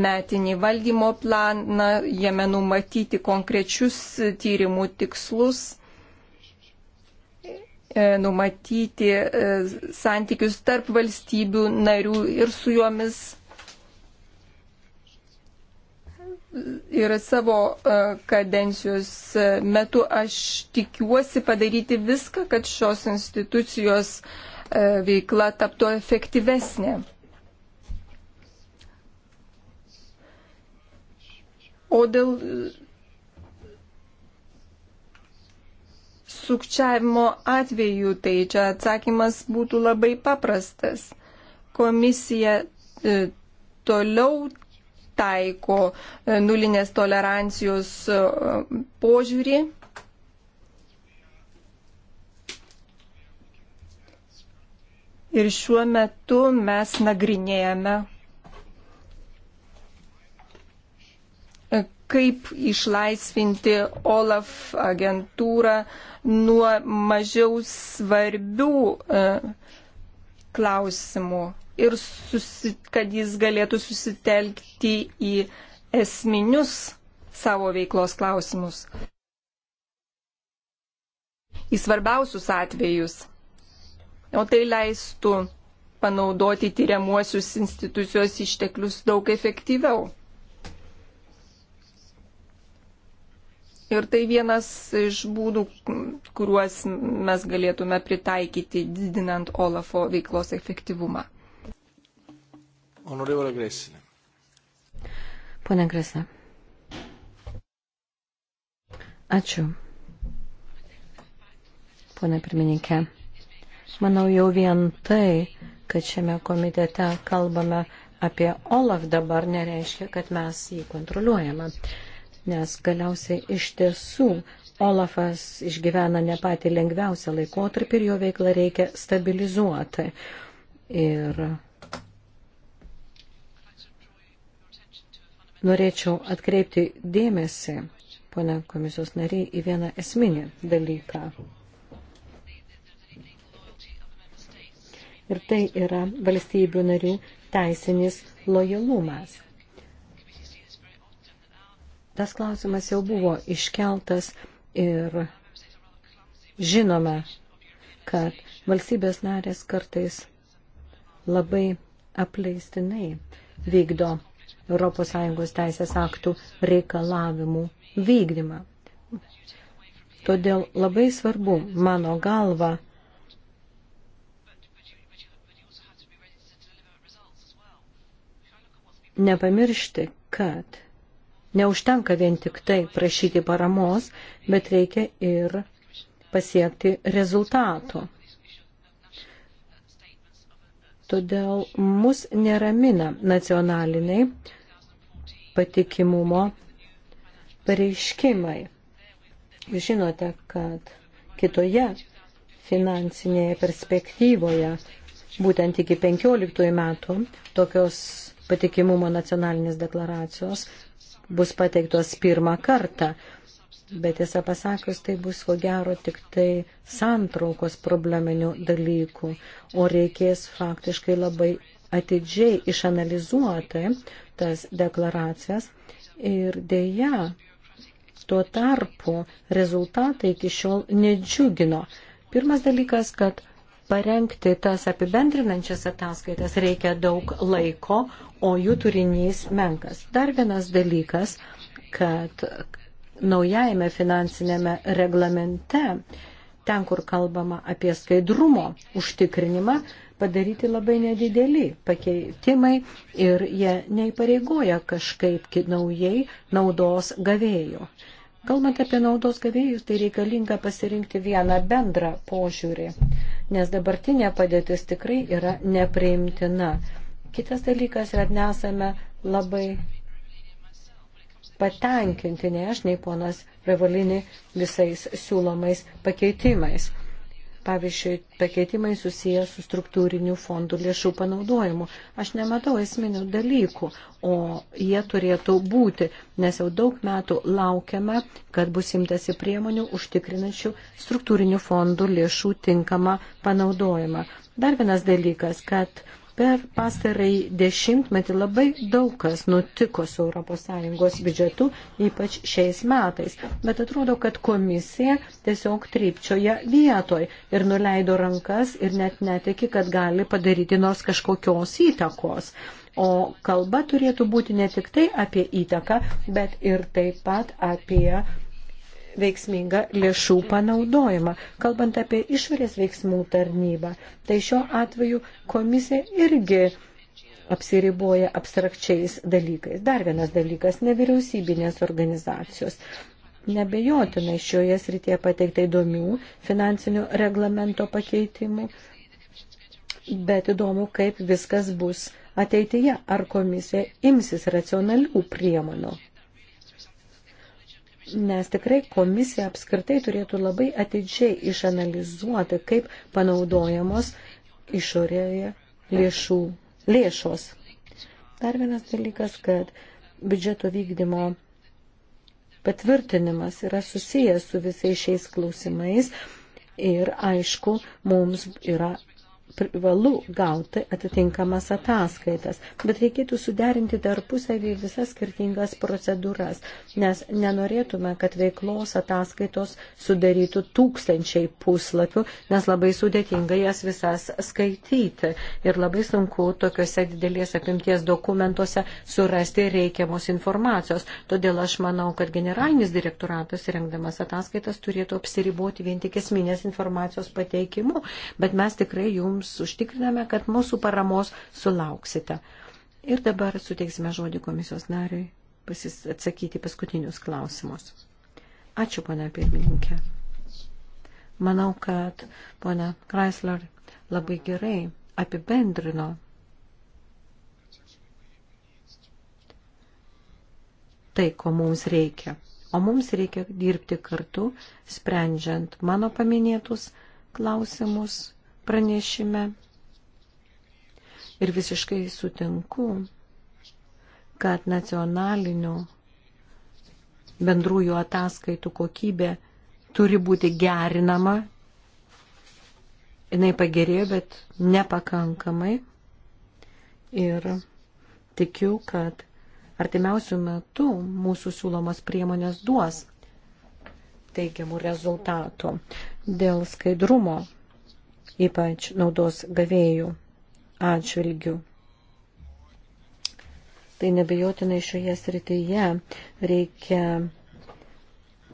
metinį valdymo planą, jame numatyti konkrečius tyrimų tikslus, e, numatyti santykius tarp valstybių narių ir su jomis ir savo e, kadencijos metu aš tikiuosi padaryti viską, kad šios institucijos e, veikla taptų efektyvesnė. O dėl sukčiavimo atveju, tai čia atsakymas būtų labai paprastas. Komisija e, toliau taiko e, nulinės tolerancijos e, požiūrį. Ir šiuo metu mes nagrinėjame, e, kaip išlaisvinti OLAF agentūrą nuo mažiau svarbių klausimų ir susi, kad jis galėtų susitelkti į esminius savo veiklos klausimus, į svarbiausius atvejus. O tai leistų panaudoti tyriamuosius institucijos išteklius daug efektyviau. Ir tai vienas iš būdų, kuriuos mes galėtume pritaikyti didinant Olafo veiklos efektyvumą. Honorevole Gresinė. Pone Gresinė. Ačiū. Pone pirmininkė. Manau jau vien tai, kad šiame komitete kalbame apie Olaf dabar nereiškia, kad mes jį kontroliuojame. Nes galiausiai iš tiesų Olafas išgyvena ne patį lengviausią laikotarpį ir jo veiklą reikia stabilizuoti. Ir norėčiau atkreipti dėmesį, pone komisijos nariai, į vieną esminį dalyką. Ir tai yra valstybių narių teisinis lojalumas. Tas klausimas jau buvo iškeltas ir žinome, kad valstybės narės kartais labai apleistinai vykdo ES teisės aktų reikalavimų vykdymą. Todėl labai svarbu, mano galva, nepamiršti, kad neužtenka vien tik tai prašyti paramos, bet reikia ir pasiekti rezultato. Todėl mus neramina nacionaliniai patikimumo pareiškimai. Jūs žinote, kad kitoje finansinėje perspektyvoje, būtent iki 15 metų, tokios patikimumo nacionalinės deklaracijos bus pateiktos pirmą kartą. Bet tiesą pasakius, tai bus ko gero tik tai santraukos probleminių dalykų, o reikės faktiškai labai atidžiai išanalizuoti tas deklaracijas ir dėja tuo tarpu rezultatai iki šiol nedžiugino. Pirmas dalykas, kad parengti tas apibendrinančias ataskaitas reikia daug laiko, o jų turinys menkas. Dar vienas dalykas, kad naujajame finansinėme reglamente, ten, kur kalbama apie skaidrumo užtikrinimą, padaryti labai nedideli pakeitimai ir jie neįpareigoja kažkaip naujai naudos gavėjų. Kalbant apie naudos gavėjus, tai reikalinga pasirinkti vieną bendrą požiūrį, nes dabartinė padėtis tikrai yra nepriimtina. Kitas dalykas yra, nesame labai patenkinti, nei aš, nei ponas Revolini visais siūlomais pakeitimais pavyzdžiui, pakeitimai susiję su struktūrinių fondų lėšų panaudojimu. Aš nematau esminių dalykų, o jie turėtų būti, nes jau daug metų laukiame, kad bus imtasi priemonių užtikrinančių struktūrinių fondų lėšų tinkamą panaudojimą. Dar vienas dalykas, kad Per pastarąjį dešimtmetį labai daug kas nutiko su ES biudžetu, ypač šiais metais. Bet atrodo, kad komisija tiesiog trypčioja vietoj ir nuleido rankas ir net netiki, kad gali padaryti nors kažkokios įtakos. O kalba turėtų būti ne tik tai apie įtaką, bet ir taip pat apie veiksmingą lėšų panaudojimą. Kalbant apie išorės veiksmų tarnybą, tai šiuo atveju komisija irgi apsiriboja abstrakčiais dalykais. Dar vienas dalykas - nevyriausybinės organizacijos. Nebejotinai šioje srityje pateiktai įdomių finansinių reglamento pakeitimų, bet įdomu, kaip viskas bus ateityje, ar komisija imsis racionalių priemonų nes tikrai komisija apskritai turėtų labai atidžiai išanalizuoti, kaip panaudojamos išorėje lėšų, lėšos. Dar vienas dalykas, kad biudžeto vykdymo patvirtinimas yra susijęs su visais šiais klausimais ir aišku, mums yra privalu gauti atitinkamas ataskaitas, bet reikėtų suderinti tarpusavį visas skirtingas procedūras, nes nenorėtume, kad veiklos ataskaitos sudarytų tūkstančiai puslapių, nes labai sudėtinga jas visas skaityti ir labai sunku tokiuose didelės apimties dokumentuose surasti reikiamos informacijos. Todėl aš manau, kad generalinis direktoratas rengdamas ataskaitas turėtų apsiriboti vien tik esminės informacijos pateikimu, bet mes tikrai jums jums užtikriname, kad mūsų paramos sulauksite. Ir dabar suteiksime žodį komisijos nariui atsakyti paskutinius klausimus. Ačiū, ponia pirmininkė. Manau, kad ponia Chrysler labai gerai apibendrino tai, ko mums reikia. O mums reikia dirbti kartu, sprendžiant mano paminėtus klausimus pranešime. Ir visiškai sutinku, kad nacionalinių bendrųjų ataskaitų kokybė turi būti gerinama. Jis pagerėjo, bet nepakankamai. Ir tikiu, kad artimiausių metų mūsų siūlomas priemonės duos teigiamų rezultatų dėl skaidrumo ypač naudos gavėjų atžvilgių. Tai nebejotinai šioje srityje reikia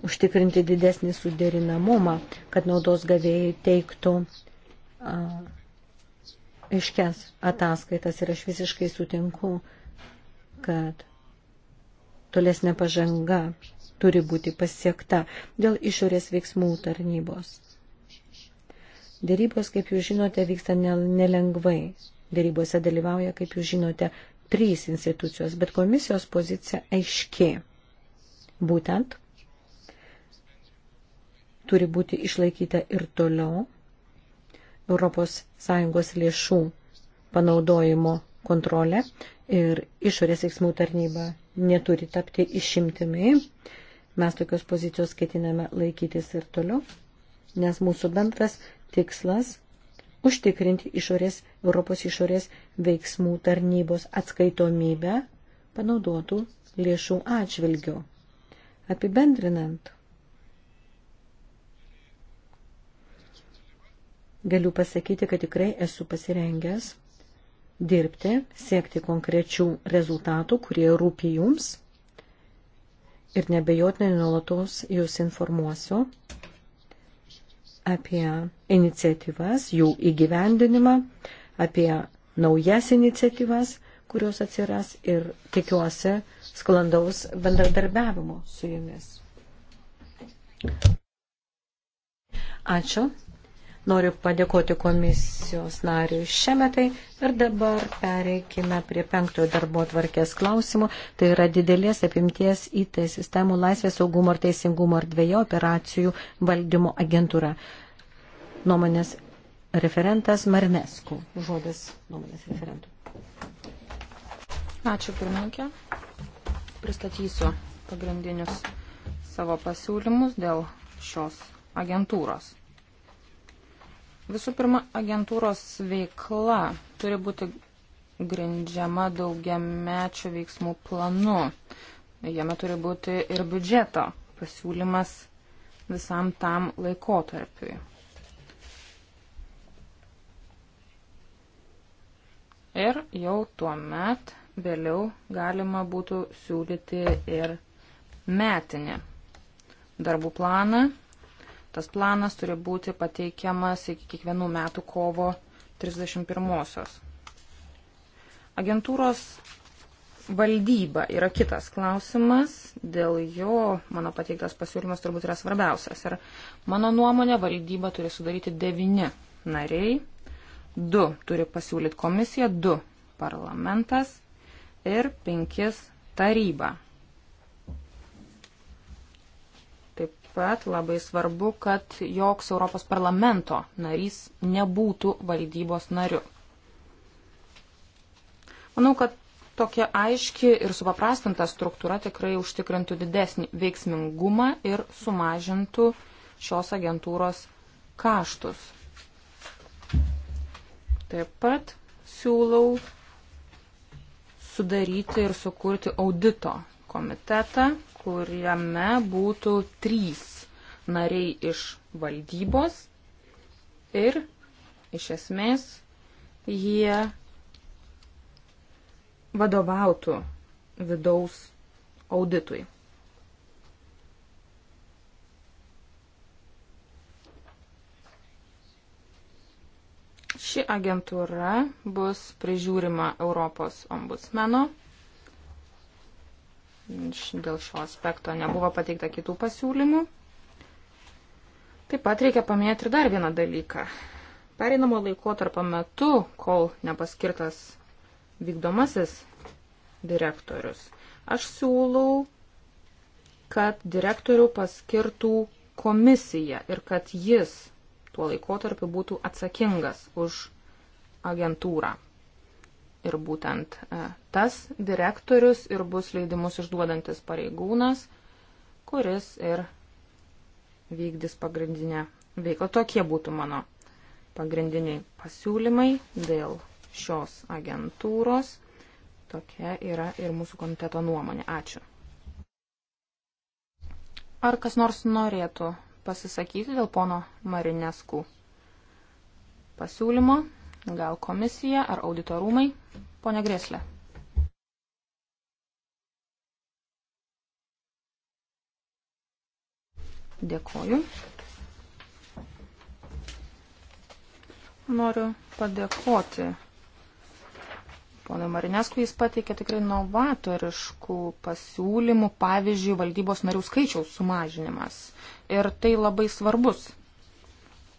užtikrinti didesnį suderinamumą, kad naudos gavėjai teiktų aiškias ataskaitas ir aš visiškai sutinku, kad tolesnė pažanga turi būti pasiekta dėl išorės veiksmų tarnybos. Dėrybos, kaip jūs žinote, vyksta nelengvai. Dėrybose dalyvauja, kaip jūs žinote, trys institucijos, bet komisijos pozicija aiški. Būtent turi būti išlaikyta ir toliau ES lėšų panaudojimo kontrolė ir išorės veiksmų tarnyba neturi tapti išimtimi. Mes tokios pozicijos ketiname laikytis ir toliau, nes mūsų bendras tikslas – užtikrinti išorės, Europos išorės veiksmų tarnybos atskaitomybę panaudotų lėšų atžvilgių. Apibendrinant, galiu pasakyti, kad tikrai esu pasirengęs dirbti, siekti konkrečių rezultatų, kurie rūpi jums. Ir nebejotinai nuolatos jūs informuosiu apie iniciatyvas, jų įgyvendinimą, apie naujas iniciatyvas, kurios atsiras ir tikiuosi sklandaus bendradarbiavimo su jumis. Ačiū. Noriu padėkoti komisijos nariui šiemetai ir dabar pereikime prie penktojo darbo tvarkės klausimų. Tai yra didelės apimties IT sistemų laisvės saugumo ir teisingumo ir dviejų operacijų valdymo agentūra. Nuomonės referentas Marinesku. Žodis nuomonės referentų. Ačiū pirmininkė. Pristatysiu pagrindinius savo pasiūlymus dėl šios agentūros. Visų pirma, agentūros veikla turi būti grindžiama daugiamečio veiksmų planu. Jame turi būti ir biudžeto pasiūlymas visam tam laikotarpiui. Ir jau tuo met vėliau galima būtų siūlyti ir metinį darbų planą Tas planas turi būti pateikiamas iki kiekvienų metų kovo 31-osios. Agentūros valdyba yra kitas klausimas, dėl jo mano pateiktas pasiūlymas turbūt yra svarbiausias. Ir mano nuomonė, valdyba turi sudaryti devini nariai, du turi pasiūlyti komisija, du parlamentas ir penkis taryba. pat labai svarbu, kad joks Europos parlamento narys nebūtų valdybos nariu. Manau, kad tokia aiški ir supaprastinta struktūra tikrai užtikrintų didesnį veiksmingumą ir sumažintų šios agentūros kaštus. Taip pat siūlau sudaryti ir sukurti audito komitetą, kuriame būtų trys nariai iš valdybos ir iš esmės jie vadovautų vidaus auditui. Ši agentūra bus prižiūrima Europos ombudsmeno dėl šio aspekto nebuvo pateikta kitų pasiūlymų. Taip pat reikia paminėti ir dar vieną dalyką. Pereinamo laikotarpio metu, kol nepaskirtas vykdomasis direktorius, aš siūlau, kad direktorių paskirtų komisija ir kad jis tuo laikotarpiu būtų atsakingas už agentūrą ir būtent e, tas direktorius ir bus leidimus išduodantis pareigūnas, kuris ir vykdys pagrindinę veiklą. Tokie būtų mano pagrindiniai pasiūlymai dėl šios agentūros. Tokia yra ir mūsų komiteto nuomonė. Ačiū. Ar kas nors norėtų pasisakyti dėl pono Marineskų pasiūlymo? Gal komisija ar auditorumai? Pone Greslė. Dėkoju. Noriu padėkoti Ponui Marineskui jis pateikė tikrai novatoriškų pasiūlymų, pavyzdžiui, valdybos narių skaičiaus sumažinimas. Ir tai labai svarbus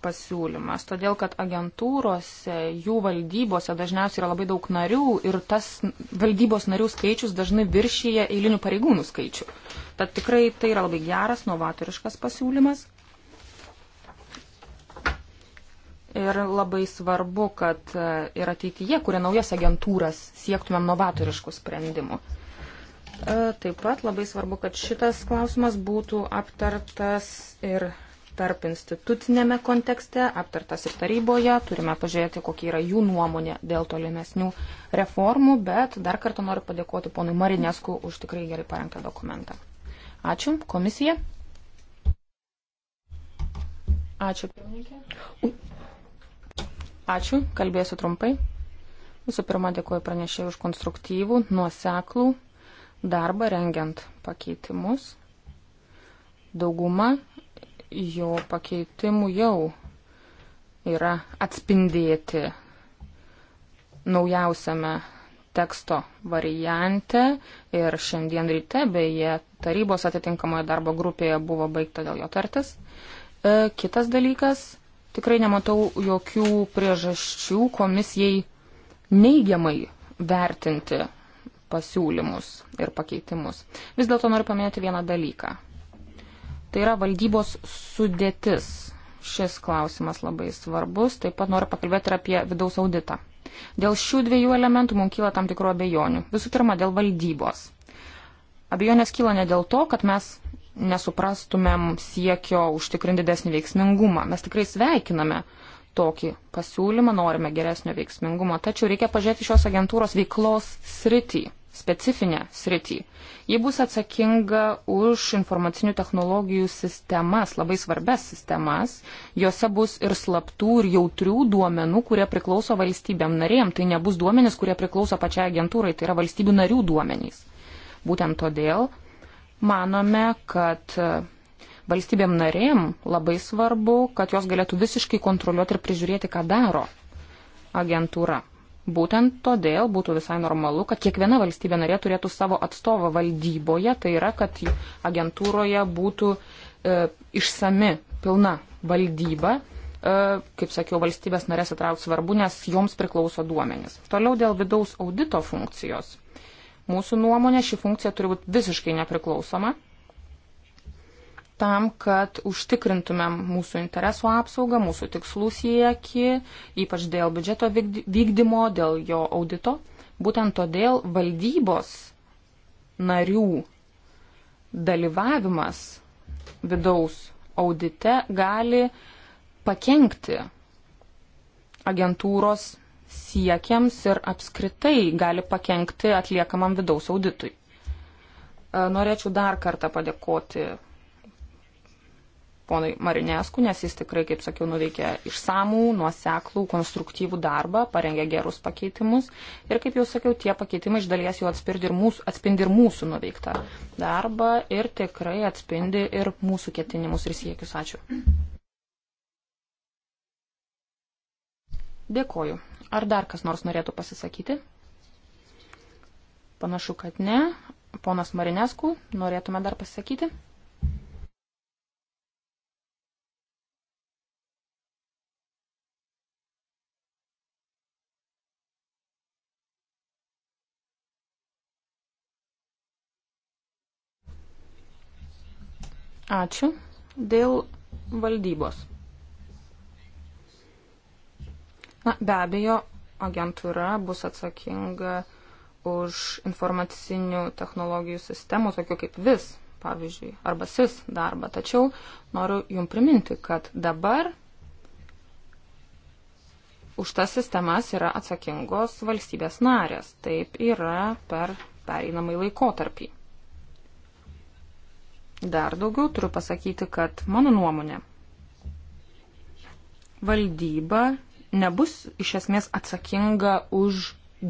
pasiūlymas, todėl kad agentūrose, jų valdybose dažniausiai yra labai daug narių ir tas valdybos narių skaičius dažnai viršyje eilinių pareigūnų skaičių. Tad tikrai tai yra labai geras, novatoriškas pasiūlymas. Ir labai svarbu, kad e, ir ateityje, kurie naujas agentūras, siektumėm novatoriškų sprendimų. E, taip pat labai svarbu, kad šitas klausimas būtų aptartas ir tarp institucinėme kontekste, aptartas ir taryboje, turime pažiūrėti, kokia yra jų nuomonė dėl tolimesnių reformų, bet dar kartą noriu padėkoti ponui Marinesku už tikrai gerai parengtą dokumentą. Ačiū, komisija. Ačiū, pirmininkė. Ačiū, kalbėsiu trumpai. Visų pirma, dėkuoju pranešėjai už konstruktyvų, nuoseklų darbą rengiant pakeitimus dauguma jo pakeitimų jau yra atspindėti naujausiame teksto variante ir šiandien ryte beje tarybos atitinkamoje darbo grupėje buvo baigta dėl jo tartis. E, kitas dalykas, tikrai nematau jokių priežasčių komisijai neigiamai vertinti pasiūlymus ir pakeitimus. Vis dėlto noriu paminėti vieną dalyką tai yra valdybos sudėtis. Šis klausimas labai svarbus. Taip pat noriu pakalbėti ir apie vidaus auditą. Dėl šių dviejų elementų mums kyla tam tikrų abejonių. Visų pirma, dėl valdybos. Abejonės kyla ne dėl to, kad mes nesuprastumėm siekio užtikrinti didesnį veiksmingumą. Mes tikrai sveikiname tokį pasiūlymą, norime geresnio veiksmingumo, tačiau reikia pažiūrėti šios agentūros veiklos sritį specifinę sritį. Ji bus atsakinga už informacinių technologijų sistemas, labai svarbes sistemas. Jose bus ir slaptų, ir jautrių duomenų, kurie priklauso valstybėm narėm. Tai nebus duomenys, kurie priklauso pačiai agentūrai, tai yra valstybių narių duomenys. Būtent todėl manome, kad e, valstybėm narėm labai svarbu, kad jos galėtų visiškai kontroliuoti ir prižiūrėti, ką daro agentūra. Būtent todėl būtų visai normalu, kad kiekviena valstybė narė turėtų savo atstovą valdyboje, tai yra, kad agentūroje būtų e, išsami pilna valdyba, e, kaip sakiau, valstybės narės atrauks svarbu, nes joms priklauso duomenys. Toliau dėl vidaus audito funkcijos. Mūsų nuomonė ši funkcija turi būti visiškai nepriklausoma tam, kad užtikrintumėm mūsų interesų apsaugą, mūsų tikslų sieki, ypač dėl biudžeto vykdymo, dėl jo audito. Būtent todėl valdybos narių dalyvavimas vidaus audite gali pakengti agentūros siekiams ir apskritai gali pakengti atliekamam vidaus auditui. E, norėčiau dar kartą padėkoti ponui Marinesku, nes jis tikrai, kaip sakiau, nuveikė išsamų, nuoseklų, konstruktyvų darbą, parengė gerus pakeitimus ir, kaip jau sakiau, tie pakeitimai iš dalies jau atspindi ir mūsų, atspindi ir mūsų nuveiktą darbą ir tikrai atspindi ir mūsų ketinimus ir siekius. Ačiū. Dėkoju. Ar dar kas nors norėtų pasisakyti? Panašu, kad ne. Ponas Marinesku, norėtume dar pasisakyti? Ačiū. Dėl valdybos. Na, be abejo, agentūra bus atsakinga už informacinių technologijų sistemų, tokių kaip vis, pavyzdžiui, arba sis darbą. Tačiau noriu Jums priminti, kad dabar už tas sistemas yra atsakingos valstybės narės. Taip yra per pereinamai laikotarpį. Dar daugiau turiu pasakyti, kad mano nuomonė, valdyba nebus iš esmės atsakinga už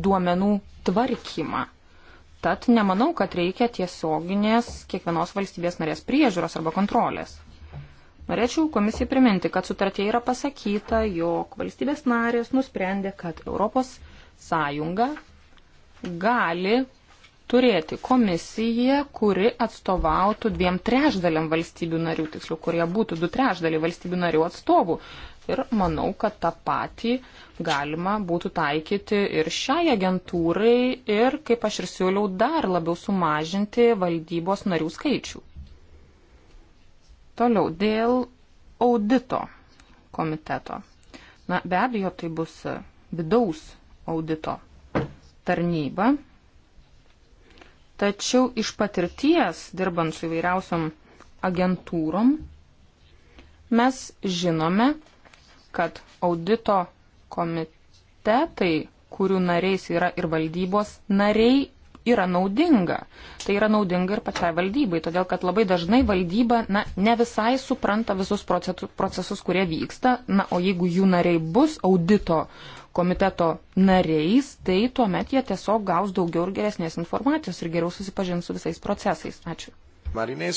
duomenų tvarkymą. Tad nemanau, kad reikia tiesioginės kiekvienos valstybės narės priežiūros arba kontrolės. Norėčiau komisijai priminti, kad sutartie yra pasakyta, jog valstybės narės nusprendė, kad Europos sąjunga gali turėti komisiją, kuri atstovautų dviem trešdaliam valstybių narių, tiksliau, kurie būtų du trešdaliai valstybių narių atstovų. Ir manau, kad tą patį galima būtų taikyti ir šiai agentūrai ir, kaip aš ir siūliau, dar labiau sumažinti valdybos narių skaičių. Toliau, dėl audito komiteto. Na, be abejo, tai bus vidaus audito tarnyba, Tačiau iš patirties, dirbant su įvairiausiom agentūrom, mes žinome, kad audito komitetai, kurių nariais yra ir valdybos nariai, yra naudinga. Tai yra naudinga ir pačiai valdybai, todėl kad labai dažnai valdyba na, ne visai supranta visus procesus, kurie vyksta, na, o jeigu jų nariai bus audito komiteto nariais, tai tuomet jie tiesiog gaus daugiau ir geresnės informacijos ir geriau susipažins su visais procesais. Ačiū. Marinės.